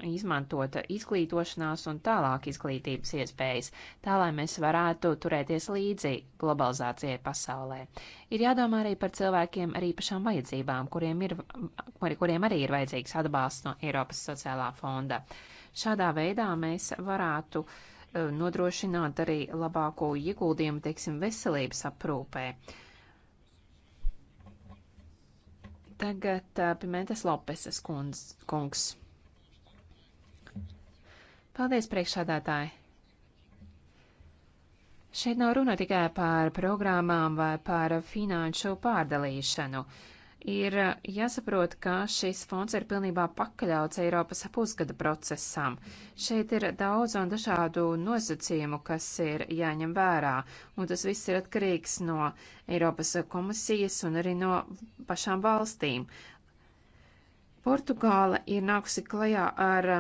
Speaker 2: izmantot izglītošanās un tālāk izglītības iespējas, tā lai mēs varētu turēties līdzi globalizācijai pasaulē. Ir jādomā arī par cilvēkiem ar īpašām vajadzībām, kuriem, ir, kur, kuriem arī ir vajadzīgs atbalsts no Eiropas sociālā fonda. Šādā veidā mēs varētu e, nodrošināt arī labāko ieguldījumu, teiksim, veselības aprūpē. Tagad e, Pimentas Lopeses kungs. Paldies, priekšsādātāji! Šeit nav runa tikai par programmām vai par finanšu pārdalīšanu. Ir jāsaprot, ka šis fonds ir pilnībā pakaļauts Eiropas pusgada procesam. Šeit ir daudz un dažādu nosacījumu, kas ir jāņem vērā, un tas viss ir atkarīgs no Eiropas komisijas un arī no pašām valstīm. Portugāla ir nākusi klajā ar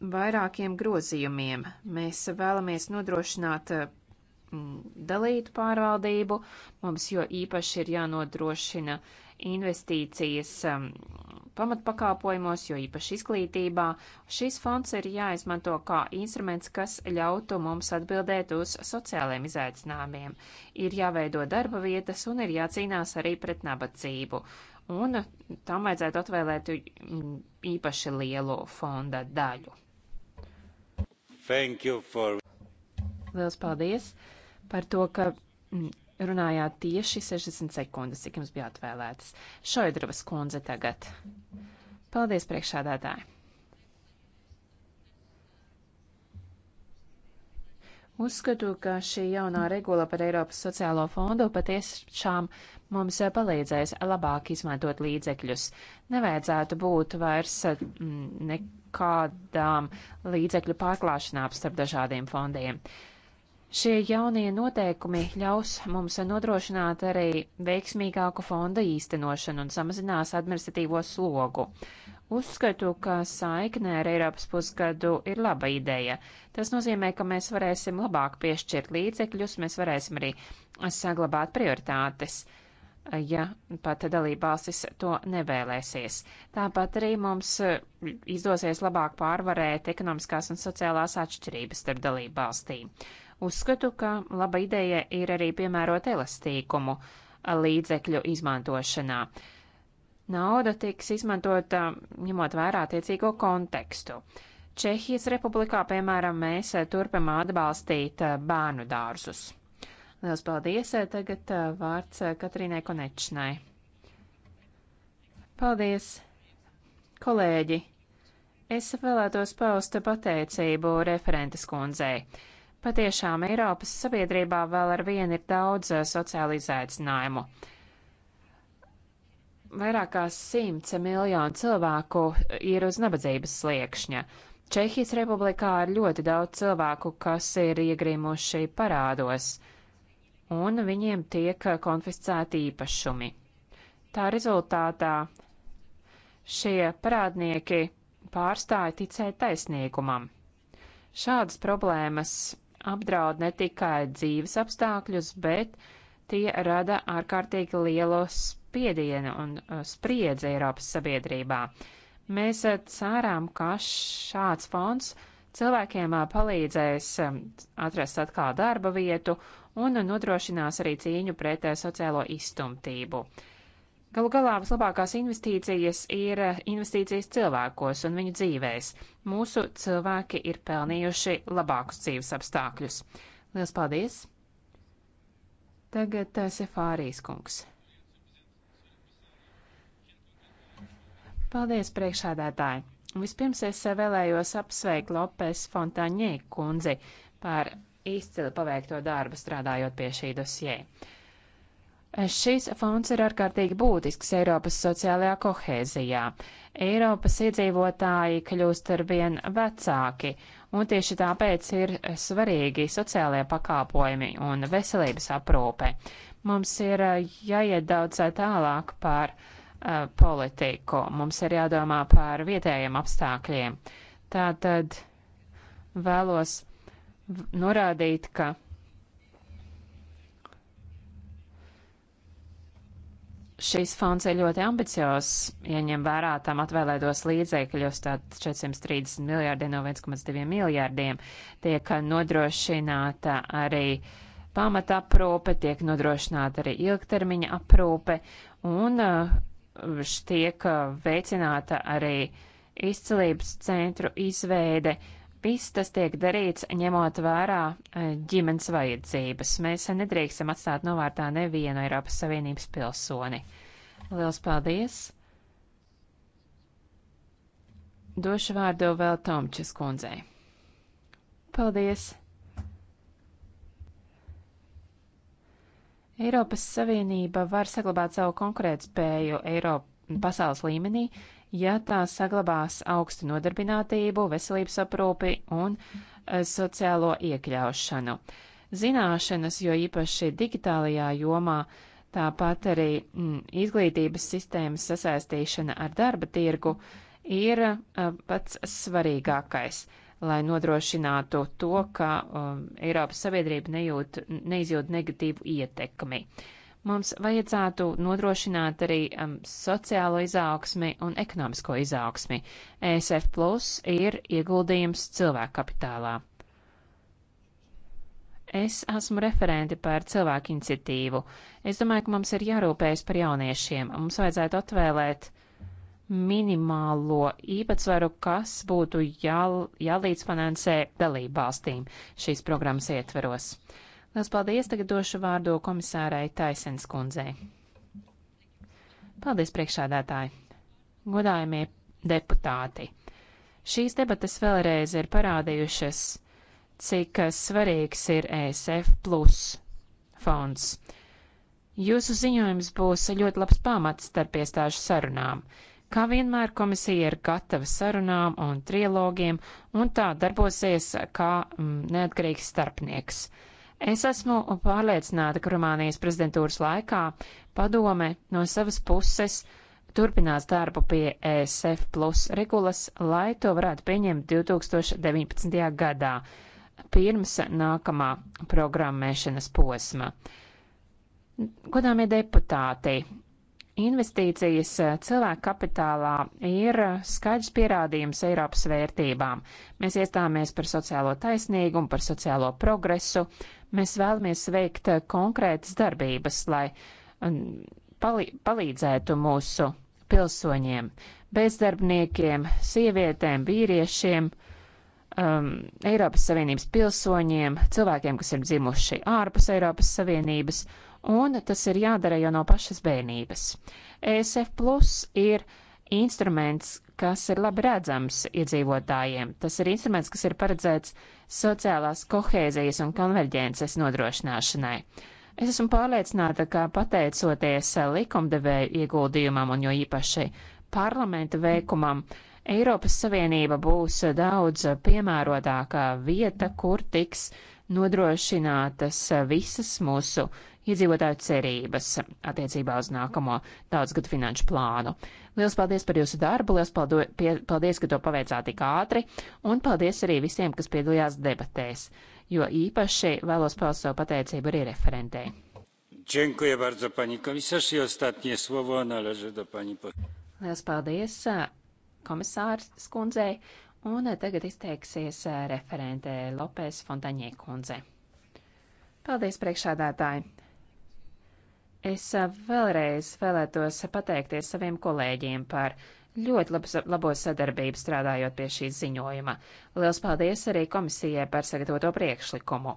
Speaker 2: vairākiem grozījumiem. Mēs vēlamies nodrošināt eh, dalītu pārvaldību, mums jo īpaši ir jānodrošina investīcijas pamatpakāpojumos, jo īpaši izglītībā. Šis fonds ir jāizmanto kā instruments, kas ļautu mums atbildēt uz sociālajiem izaicinājumiem. Ir jāveido darba vietas un ir jācīnās arī pret nabadzību. Un tam vajadzētu atvēlēt īpaši lielu fonda daļu. For... Liels paldies par to, ka mm, runājāt tieši 60 sekundes, cik jums bija atvēlētas. Šoidravas kundze tagad. Paldies priekšādātāji. Uzskatu, ka šī jaunā regula par Eiropas sociālo fondu patiešām mums eh, palīdzēs labāk izmantot līdzekļus. Nevajadzētu būt vairs eh, nekādām līdzekļu pārklāšanām starp dažādiem fondiem. Šie jaunie noteikumi ļaus mums nodrošināt arī veiksmīgāku fonda īstenošanu un samazinās administratīvo slogu. Uzskatu, ka saiknē ar Eiropas pusgadu ir laba ideja. Tas nozīmē, ka mēs varēsim labāk piešķirt līdzekļus, mēs varēsim arī saglabāt prioritātes ja pat dalībvalstis to nevēlēsies. Tāpat arī mums e, izdosies labāk pārvarēt ekonomiskās un sociālās atšķirības starp dalībvalstīm. Uzskatu, ka laba ideja ir arī piemērot elastīkumu līdzekļu izmantošanā. Nauda tiks izmantota ņemot vērā tiecīgo kontekstu. Čehijas republikā, piemēram, mēs turpinām atbalstīt e, bērnu dārzus. Lielas paldies! Tagad uh, vārds uh, Katrīnai Konečnai. Paldies, kolēģi! Es vēlētos paust pateicību referentes kundzei. Patiešām Eiropas sabiedrībā vēl ar vienu ir daudz uh, sociāla izaicinājumu. Vairākās simts miljonu cilvēku ir uz nabadzības sliekšņa. Čehijas republikā ir ļoti daudz cilvēku, kas ir iegrīmuši parādos un viņiem tiek eh, konfiscēti īpašumi. Tā rezultātā šie parādnieki pārstāja ticēt taisnīgumam. Šādas problēmas apdraud ne tikai dzīves apstākļus, bet tie rada ārkārtīgi lielo spiedienu un eh, spriedzi Eiropas sabiedrībā. Mēs eh, cerām, ka šāds fonds cilvēkiem palīdzēs atrast atkal darba vietu un nodrošinās arī cīņu pret eh, sociālo izstumtību. Galu galā vislabākās investīcijas ir eh, investīcijas cilvēkos un viņu dzīvēs. Mūsu cilvēki ir pelnījuši labākus dzīves apstākļus. Lielas paldies! Tagad eh, Sefārijas kungs. Paldies, priekšādātāji! Vispirms es vēlējos apsveikt Lopes Fontaņē kundzi par izcili paveikto darbu strādājot pie šī dosjē. Šis fonds ir ārkārtīgi būtisks Eiropas sociālajā kohēzijā. Eiropas iedzīvotāji kļūst ar vien vecāki, un tieši tāpēc ir svarīgi sociālajie pakāpojumi un veselības aprūpe. Mums ir eh, jāiet daudz eh, tālāk par uh, politiku, mums ir jādomā par vietējiem apstākļiem. Tātad vēlos norādīt, ka šīs fonds ir ļoti ambiciozs, ja ņem vērā tam atvēlētos līdzēkļos, tātad 430 miljārdiem no 1,2 miljārdiem tiek nodrošināta arī pamata aprūpe, tiek nodrošināta arī ilgtermiņa aprūpe un uh, tiek uh, veicināta arī izcelības centru izveide Viss tas tiek darīts ņemot vērā e, ģimenes vajadzības. Mēs nedrīkstam atstāt novārtā nevienu Eiropas Savienības pilsoni. Liels paldies! Došu vārdu vēl Tomčes kundzei. Paldies! Eiropas Savienība var saglabāt savu konkurētspēju Eiropas pasaules līmenī, ja tā saglabās augstu nodarbinātību, veselības aprūpi un eh, sociālo iekļaušanu. Zināšanas, jo īpaši digitālajā jomā, tāpat arī mm, izglītības sistēmas sasaistīšana ar darba tirgu ir eh, pats svarīgākais, lai nodrošinātu to, ka um, Eiropas Savienība nejūt, neizjūt negatīvu ietekmi. Uh, Mums vajadzētu nodrošināt arī um, sociālo izaugsmi un ekonomisko izaugsmi. ESF Plus ir ieguldījums cilvēku kapitālā. Es esmu referenti par cilvēku iniciatīvu. Es domāju, ka mums ir jārūpējas par jauniešiem. Mums vajadzētu atvēlēt minimālo īpatsvaru, kas būtu jā, jālīdzfinansē dalībvalstīm šīs programmas ietveros. Uh, Lielas paldies, tagad došu vārdu komisārai Taisens kundzei. Paldies, priekšādātāji! Godājumie deputāti! Šīs debatas vēlreiz ir parādījušas, cik svarīgs ir ESF plus fonds. Jūsu ziņojums būs ļoti labs pamats starp iestāžu sarunām. Kā vienmēr komisija ir gatava sarunām un trilogiem, un tā darbosies kā mm, neatkarīgs starpnieks. Es esmu pārliecināta, ka Rumānijas prezidentūras laikā padome no savas puses turpinās darbu pie ESF plus regulas, lai to varētu pieņemt 2019. gadā, pirms nākamā programmēšanas posma. Godāmie deputāti, investīcijas cilvēku kapitālā ir skaidrs pierādījums Eiropas vērtībām. Mēs iestāmies par sociālo taisnīgumu, par sociālo progresu, Mēs vēlamies veikt eh, konkrētas darbības, lai mm, palī palīdzētu mūsu pilsoņiem, bezdarbniekiem, sievietēm, vīriešiem, um, Eiropas Savienības pilsoņiem, cilvēkiem, kas ir dzimuši ārpus Eiropas Savienības, un tas ir jādara jau no pašas bērnības. ESF Plus ir uh, instruments, kas ir labi redzams iedzīvotājiem. Tas ir instruments, kas ir paredzēts sociālās kohēzijas un konverģences nodrošināšanai. Es esmu pārliecināta, ka pateicoties likumdevēju ieguldījumam un jo īpaši parlamenta veikumam, Eiropas Savienība būs daudz piemērotākā vieta, kur tiks uh, nodrošinātas visas mūsu iedzīvotāju cerības attiecībā uz nākamo daudzgadu finanšu plānu. Lielas paldies par jūsu darbu, lielas paldies, ka to paveicāt tik ātri, un paldies arī visiem, kas piedalījās debatēs, jo īpaši vēlos paust savu pateicību arī referentē.
Speaker 3: Dziękuję bardzo pani komisarz i ostatnie słowo należy do pani.
Speaker 2: Lielas paldies komisārs skundzei. Un tagad izteiksies eh, referente Lopēs Fontaņē kundze. Paldies, priekšādātāji! Es eh, vēlreiz vēlētos pateikties saviem kolēģiem par ļoti labs, labo sadarbību strādājot pie šī ziņojuma. Liels paldies arī komisijai par sagatavoto priekšlikumu.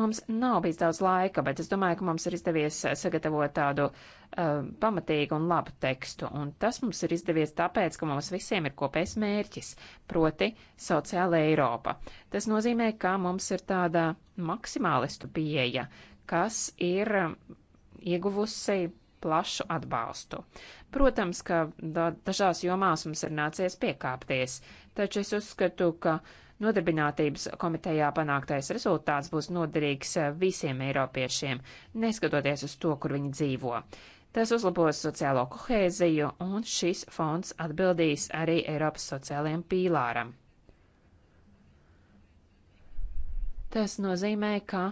Speaker 2: Mums nav bijis daudz laika, bet es domāju, ka mums ir izdevies sagatavot tādu uh, pamatīgu un labu tekstu, un tas mums ir izdevies tāpēc, ka mums visiem ir kopējs mērķis, proti sociāla Eiropa. Tas nozīmē, ka mums ir tāda maksimālistu pieeja, kas ir eh, ieguvusi plašu atbalstu. Protams, ka dažās jomās mums ir nācies piekāpties, taču es uzskatu, ka nodarbinātības komitejā panāktais rezultāts būs noderīgs eh, visiem eiropiešiem, neskatoties uz to, kur viņi dzīvo. Tas uzlabos sociālo kohēziju, un šis fonds atbildīs arī Eiropas sociālajiem pīlāram. Tas nozīmē, ka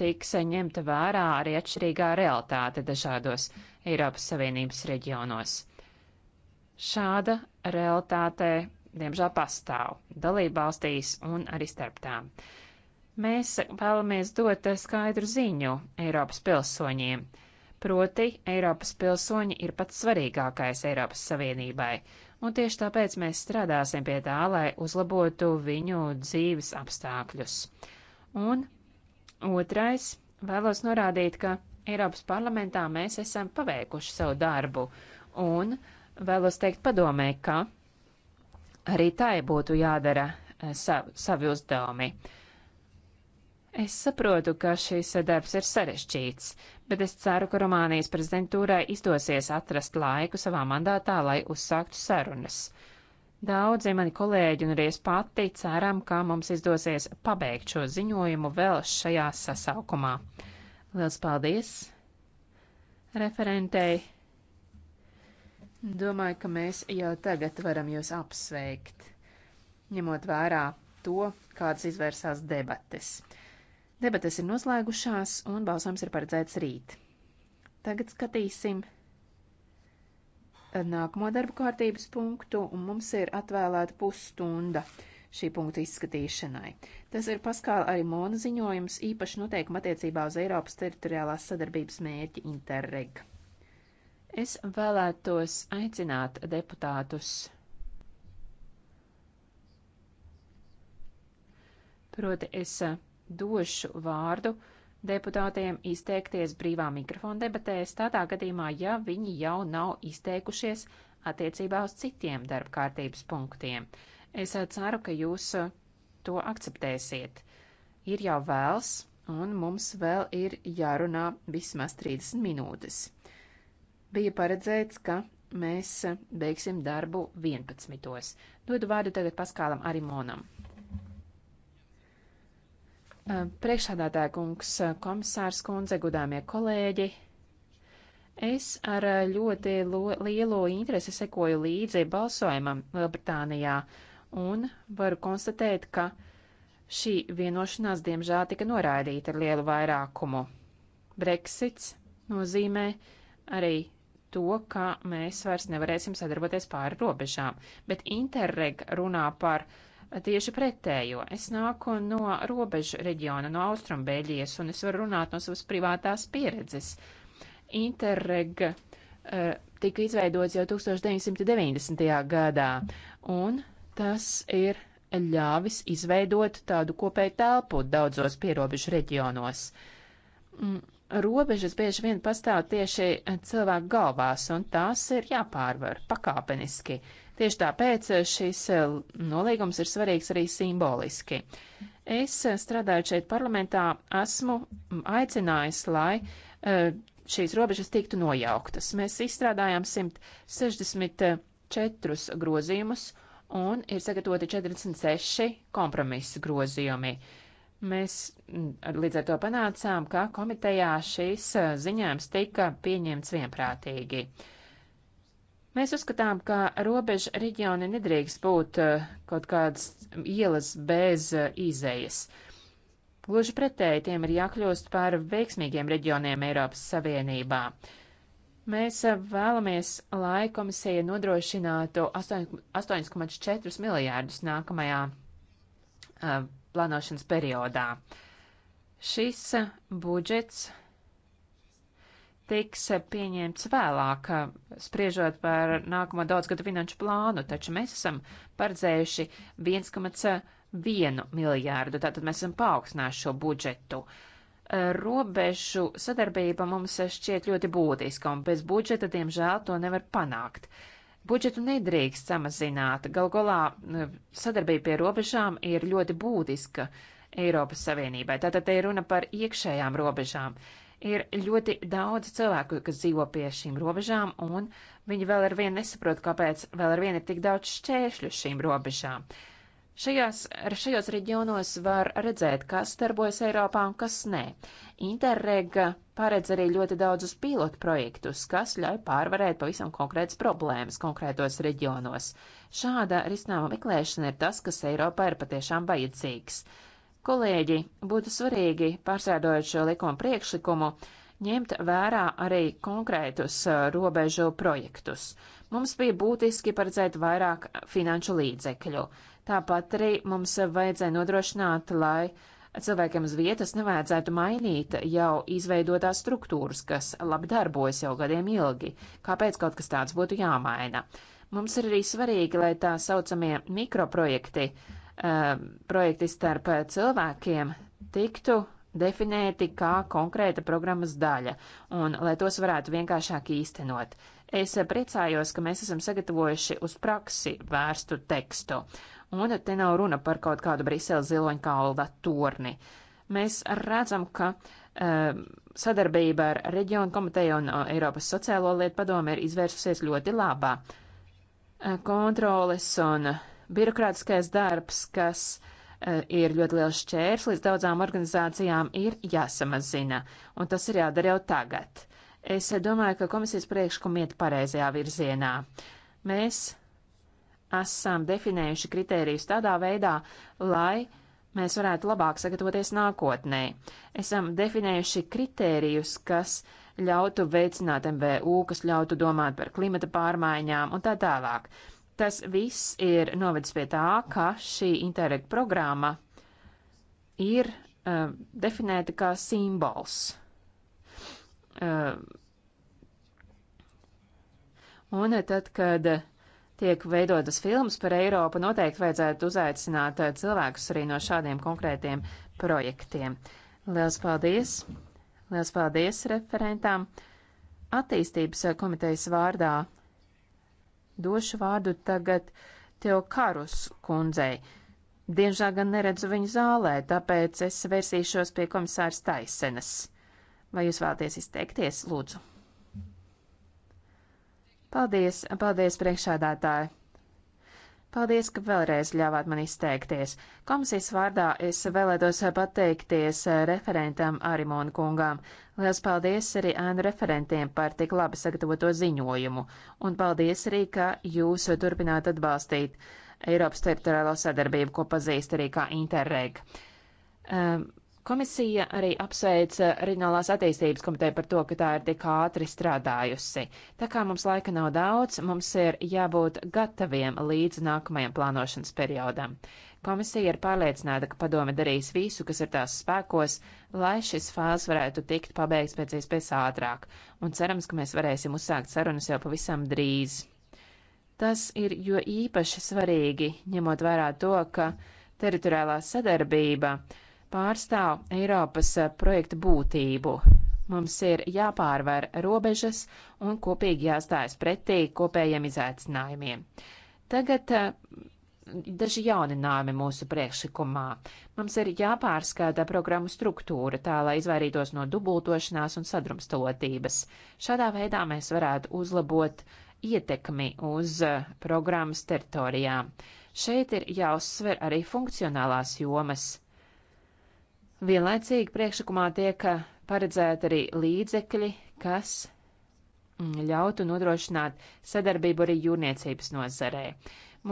Speaker 2: tiks ņemta vērā arī atšķirīgā realitāte dažādos Eiropas Savienības reģionos. Šāda realitāte, diemžēl, pastāv dalībvalstīs un arī starp tām. Mēs vēlamies dot skaidru ziņu Eiropas pilsoņiem. Proti, Eiropas pilsoņi ir pats svarīgākais Eiropas Savienībai, un tieši tāpēc mēs strādāsim pie tā, lai uzlabotu viņu dzīves apstākļus. Un Otrais, vēlos norādīt, ka Eiropas parlamentā mēs esam paveikuši savu darbu un vēlos teikt padomē, ka arī tai būtu jādara eh, sav, savi uzdevumi. Es saprotu, ka šis darbs ir sarežģīts, bet es ceru, ka Rumānijas prezidentūrai izdosies atrast laiku savā mandātā, lai uzsāktu sarunas. Daudzi mani kolēģi un arī es pati ceram, ka mums izdosies pabeigt šo ziņojumu vēl šajā sasaukumā. Liels paldies referentei. Domāju, ka mēs jau tagad varam jūs apsveikt, ņemot vērā to, kādas izvērsās debates. Debates ir noslēgušās un balsojums ir paredzēts rīt. Tagad skatīsim nākamo darba kārtības punktu, un mums ir atvēlēta pusstunda šī punkta izskatīšanai. Tas ir Paskāla arī Mona ziņojums īpaši noteikuma attiecībā uz Eiropas teritoriālās sadarbības mērķi Interreg. Es vēlētos aicināt deputātus proti es došu vārdu deputātiem izteikties brīvā mikrofona debatēs tādā gadījumā, ja viņi jau nav izteikušies attiecībā uz citiem darba kārtības punktiem. Es eh, ceru, ka jūs eh, to akceptēsiet. Ir jau vēls, un mums vēl ir jārunā vismaz 30 minūtes. Bija paredzēts, ka mēs eh, beigsim darbu 11. Dodu vārdu tagad Paskālam Arimonam. Eh, Priekšādātāja kungs, eh, komisārs kundze, gudāmie kolēģi, es ar eh, ļoti lielo interesi sekoju līdzi balsojumam Lielbritānijā un varu konstatēt, ka šī vienošanās diemžēl tika noraidīta ar lielu vairākumu. Brexits nozīmē arī to, ka mēs vairs nevarēsim sadarboties pāri robežām, bet Interreg runā par uh, tieši pretējo. Es nāku no robežu reģiona, no Austrumbeļģijas, un es varu runāt no savas privātās pieredzes. Interreg uh, tika izveidots jau 1990. gadā, un tas ir ļāvis izveidot tādu kopēju telpu daudzos pierobežu reģionos. Mm, robežas bieži vien pastāv tieši eh, cilvēku galvās, un tās ir jāpārvar pakāpeniski. Uh, Tieši tāpēc šis eh, nolīgums ir svarīgs arī simboliski. Es eh, strādāju šeit parlamentā, esmu aicinājis, lai eh, šīs robežas tiktu nojauktas. Mēs izstrādājām 164 grozījumus un ir sagatavoti 46 kompromisu grozījumi. Mēs līdz ar to panācām, ka komitejā šīs ziņojums tika pieņemts vienprātīgi. Uh, Mēs uzskatām, ka robeža reģioni nedrīkst būt eh, kaut kādas ielas bez eh, izējas. Gluži pretēji tiem ir jākļūst par veiksmīgiem reģioniem Eiropas Savienībā. Mēs eh, vēlamies, lai komisija nodrošinātu 8,4 miljārdus nākamajā uh, plānošanas periodā. Šis budžets tiks pieņemts vēlāk, spriežot par nākamo daudzgadu finanšu plānu, taču mēs esam paredzējuši 1,1 miljārdu, tātad mēs esam paaugstinājuši šo budžetu. Robežu sadarbība mums šķiet ļoti būtiska, un bez budžeta, diemžēl, to nevar panākt. Budžetu nedrīkst samazināt. Galgolā nu, sadarbība pie robežām ir ļoti būtiska Eiropas Savienībai. Tātad te ir runa par iekšējām robežām. Ir ļoti daudz cilvēku, kas dzīvo pie šīm robežām, un viņi vēl ar vienu nesaprot, kāpēc vēl ar vienu ir tik daudz šķēršļu šīm robežām. Šajās, šajos reģionos var redzēt, kas darbojas Eiropā un kas nē. Interrega paredz arī ļoti daudzus pilotu projektus, kas ļauj pārvarēt pavisam konkrētas problēmas konkrētos reģionos. Šāda risinājuma meklēšana ir tas, kas Eiropā ir patiešām vajadzīgs. Kolēģi, būtu svarīgi, pārsēdojot šo likuma priekšlikumu, ņemt vērā arī konkrētus robežu projektus. Mums bija būtiski paredzēt vairāk finanšu līdzekļu. Tāpat arī mums vajadzēja nodrošināt, lai cilvēkiem uz vietas nevajadzētu mainīt jau izveidotās struktūras, kas labi darbojas jau gadiem ilgi. Kāpēc kaut kas tāds būtu jāmaina? Mums ir arī svarīgi, lai tā saucamie mikroprojekti projekti starp cilvēkiem tiktu definēti kā konkrēta programmas daļa, un lai tos varētu vienkāršāk īstenot. Es priecājos, ka mēs esam sagatavojuši uz praksi vērstu tekstu, un te nav runa par kaut kādu Briseles ziloņkalda torni. Mēs redzam, ka um, sadarbība ar reģionu komiteju un Eiropas sociālo lietu padomu ir izvērsusies ļoti labā. Kontroles un uh, Birokrātiskais darbs, kas e, ir ļoti liels šķērslis daudzām organizācijām, ir jāsamazina, un tas ir jādara jau tagad. Es domāju, ka komisijas priekšlikumi iet pareizajā virzienā. Mēs esam definējuši kritērijus tādā veidā, lai mēs varētu labāk sagatavoties nākotnē. Esam definējuši kritērijus, kas ļautu veicināt MVU, kas ļautu domāt par klimata pārmaiņām un tā tālāk. Tas viss ir novedis pie tā, ka šī Interreg programma ir uh, definēta kā simbols. Uh, un tad, kad tiek veidotas filmas par Eiropu, noteikti vajadzētu uzaicināt uh, cilvēkus arī no šādiem konkrētiem projektiem. Liels paldies! Liels paldies referentām! Attīstības uh, komitejas vārdā Došu vārdu tagad Teokarus kundzei. Diemžēl gan neredzu viņu zālē, tāpēc es vērsīšos pie komisārs Taisenes. Vai jūs vēlaties izteikties, lūdzu? Paldies, paldies priekšādātāji! Paldies, ka vēlreiz ļāvāt man izteikties. Komisijas vārdā es vēlētos pateikties eh, referentam Arimona kungām. Liels paldies arī ēnu referentiem par tik labi sagatavoto ziņojumu, un paldies arī, ka jūs turpināt atbalstīt Eiropas teritoriālo sadarbību, ko pazīst arī kā Interreg. Um, Komisija arī apsveica eh, Reģionālās attīstības komiteju par to, ka tā ir tik ātri strādājusi. Tā kā mums laika nav daudz, mums ir jābūt gataviem līdz nākamajam plānošanas periodam. Komisija ir pārliecināta, ka padome darīs visu, kas ir tās spēkos, lai šis fāzes varētu tikt pabeigts pēc iespējas ātrāk, un cerams, ka mēs varēsim uzsākt sarunas jau pavisam drīz. Tas ir jo īpaši svarīgi, ņemot vērā to, ka teritoriālā sadarbība uh, pārstāv Eiropas eh, projekta būtību. Mums ir jāpārvar robežas un kopīgi jāstājas pretī kopējiem izaicinājumiem. Tagad eh, daži jauninājumi mūsu priekšlikumā. Mums ir jāpārskata programmu struktūra tā, lai izvairītos no dubultošanās un sadrumstalotības. Šādā veidā mēs varētu uzlabot ietekmi uz eh, programmas teritorijām. Šeit ir jāuzsver arī funkcionālās jomas. Vienlaicīgi priekšlikumā tiek eh, paredzēti arī līdzekļi, kas mm, ļautu nodrošināt sadarbību arī jūrniecības nozarē.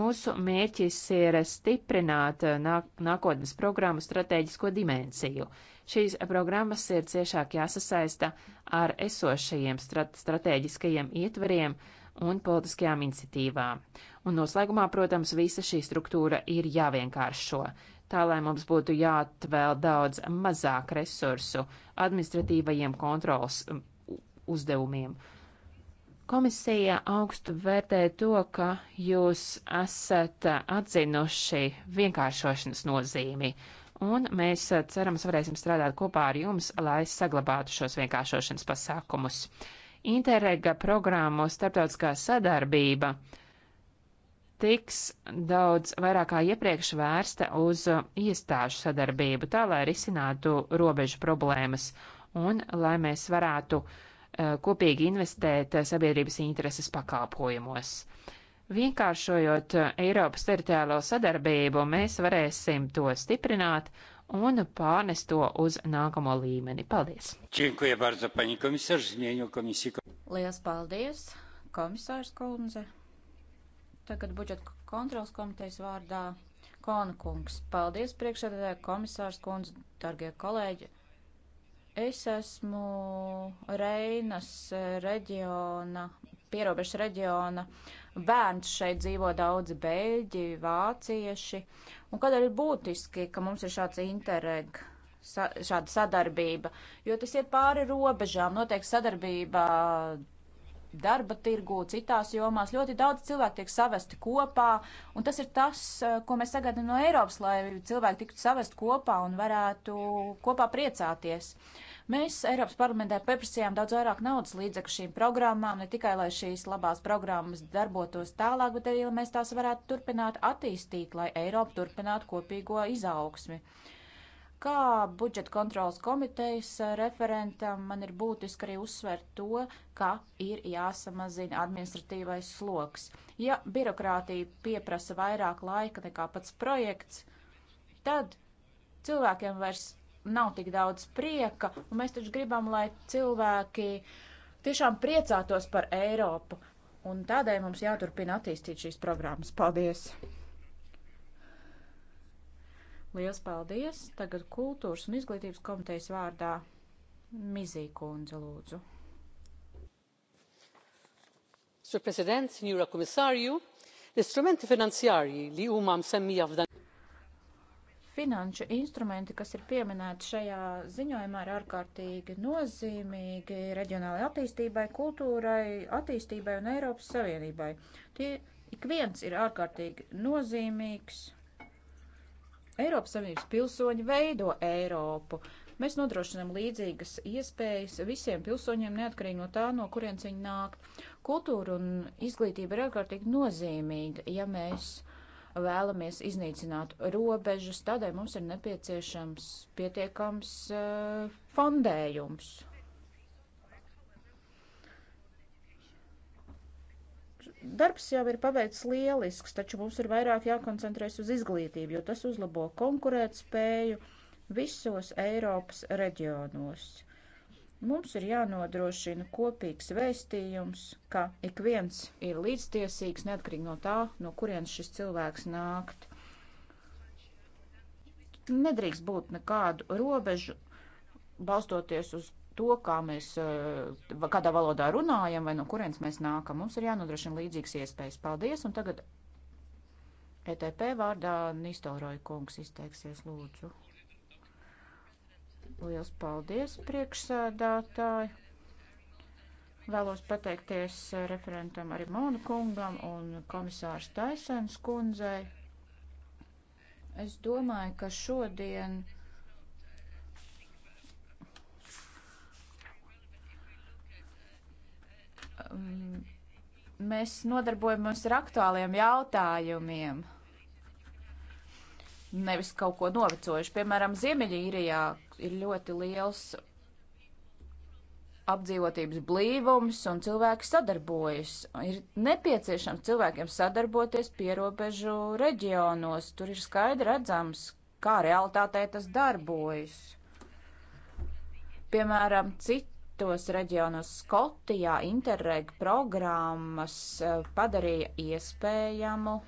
Speaker 2: Mūsu mērķis ir stiprināt eh, nāk, nākotnes programmu strateģisko dimensiju. Šīs programmas ir ciešāk jāsasaista ar esošajiem strat strateģiskajiem ietveriem un politiskajām iniciatīvām. Un noslēgumā, protams, visa šī struktūra ir jāvienkāršo tā lai mums būtu jāatvēl daudz mazāk resursu administratīvajiem kontrols um, uzdevumiem. Komisija augstu vērtē to, ka jūs esat atzinuši vienkāršošanas nozīmi, un mēs cerams varēsim strādāt kopā ar jums, lai saglabātu šos vienkāršošanas pasākumus. Interrega programmu starptautiskā sadarbība uh, tiks daudz vairāk kā iepriekš vērsta uz iestāžu sadarbību, tā lai risinātu robežu problēmas un lai mēs varētu eh, kopīgi investēt sabiedrības intereses pakāpojumos. Vienkāršojot eh, Eiropas teritoriālo sadarbību, mēs varēsim to stiprināt un pārnest to uz nākamo līmeni.
Speaker 1: Paldies! Liels paldies, komisārs Kolundze! Tagad budžeta kontrols komitejas vārdā Konkungs. Paldies priekšsēdētāji komisārs kundze, dargie kolēģi. Es esmu Reinas reģiona, pierobežas reģiona bērns. Šeit dzīvo daudzi beļģi, vācieši. Un kādēļ ir būtiski, ka mums ir šāds interreg, sa, šāda sadarbība? Jo tas iet pāri robežām, notiek sadarbība darba tirgu, citās jomās. Ļoti daudz cilvēku tiek savesti kopā, un tas ir tas, eh, ko mēs sagaidām no Eiropas, lai cilvēki tiktu savesti kopā un varētu kopā priecāties. Mēs Eiropas parlamentē pieprasījām daudz vairāk naudas līdzekļu šīm programmām, ne tikai lai šīs labās programmas darbotos tālāk, bet arī, lai mēs tās varētu turpināt attīstīt, lai Eiropa turpinātu kopīgo izaugsmi. Uh, Kā budžeta kontrolas komitejas referentam man ir būtiski arī uzsvērt to, ka ir jāsamazina administratīvais sloks. Ja birokrātija pieprasa vairāk laika nekā pats projekts, tad cilvēkiem vairs nav tik daudz prieka, un mēs taču gribam, lai cilvēki tiešām priecātos par Eiropu. Un tādēļ mums jāturpina attīstīt šīs programmas. Paldies! Liels paldies! Tagad kultūras un izglītības komitejas vārdā Mizī kundze lūdzu.
Speaker 3: Sur President, Signora Komisārju, l-istrumenti finanzjarji li huma msemmija f'dan
Speaker 1: Finanšu instrumenti, kas ir pieminēti šajā ziņojumā, ir ārkārtīgi nozīmīgi reģionālajai attīstībai, kultūrai, attīstībai un Eiropas Savienībai. Tie ik viens ir ārkārtīgi nozīmīgs Eiropas Savienības pilsoņi veido Eiropu. Mēs nodrošinām līdzīgas iespējas visiem pilsoņiem, neatkarīgi no tā, no kurienes viņi nāk. Kultūra un izglītība ir ārkārtīgi nozīmīga, ja mēs vēlamies iznīcināt robežas, tādēļ mums ir nepieciešams pietiekams uh, fondējums. Darbs jau ir paveikts lielisks, taču mums ir vairāk jākoncentrēs uz izglītību, jo tas uzlabo konkurētspēju visos Eiropas reģionos. Mums ir jānodrošina kopīgs vēstījums, ka ik viens ir līdztiesīgs, neatkarīgi no tā, no kurienes šis cilvēks nākt. Nedrīkst būt nekādu robežu, balstoties uz to, kā mēs, eh, kādā valodā runājam vai no kurienes mēs nākam. Mums ir jānodrošina līdzīgas iespējas. Paldies, un tagad ETP vārdā Nistoroja kungs izteiksies lūdzu. Liels paldies, priekšsēdātāji! Vēlos pateikties referentam arī Mona kungam un komisārs Taisens kundzei. Es domāju, ka šodien Ehm, mēs nodarbojamies ar aktuāliem jautājumiem, nevis kaut ko novecojuši. Piemēram, Ziemeļīrijā ir ļoti liels apdzīvotības blīvums un cilvēki sadarbojas. Ir nepieciešams cilvēkiem sadarboties pierobežu reģionos. Tur ir skaidri redzams, kā realitātē tas darbojas. Piemēram, citi citos reģionos Skotijā Interreg programmas eh, padarīja iespējamu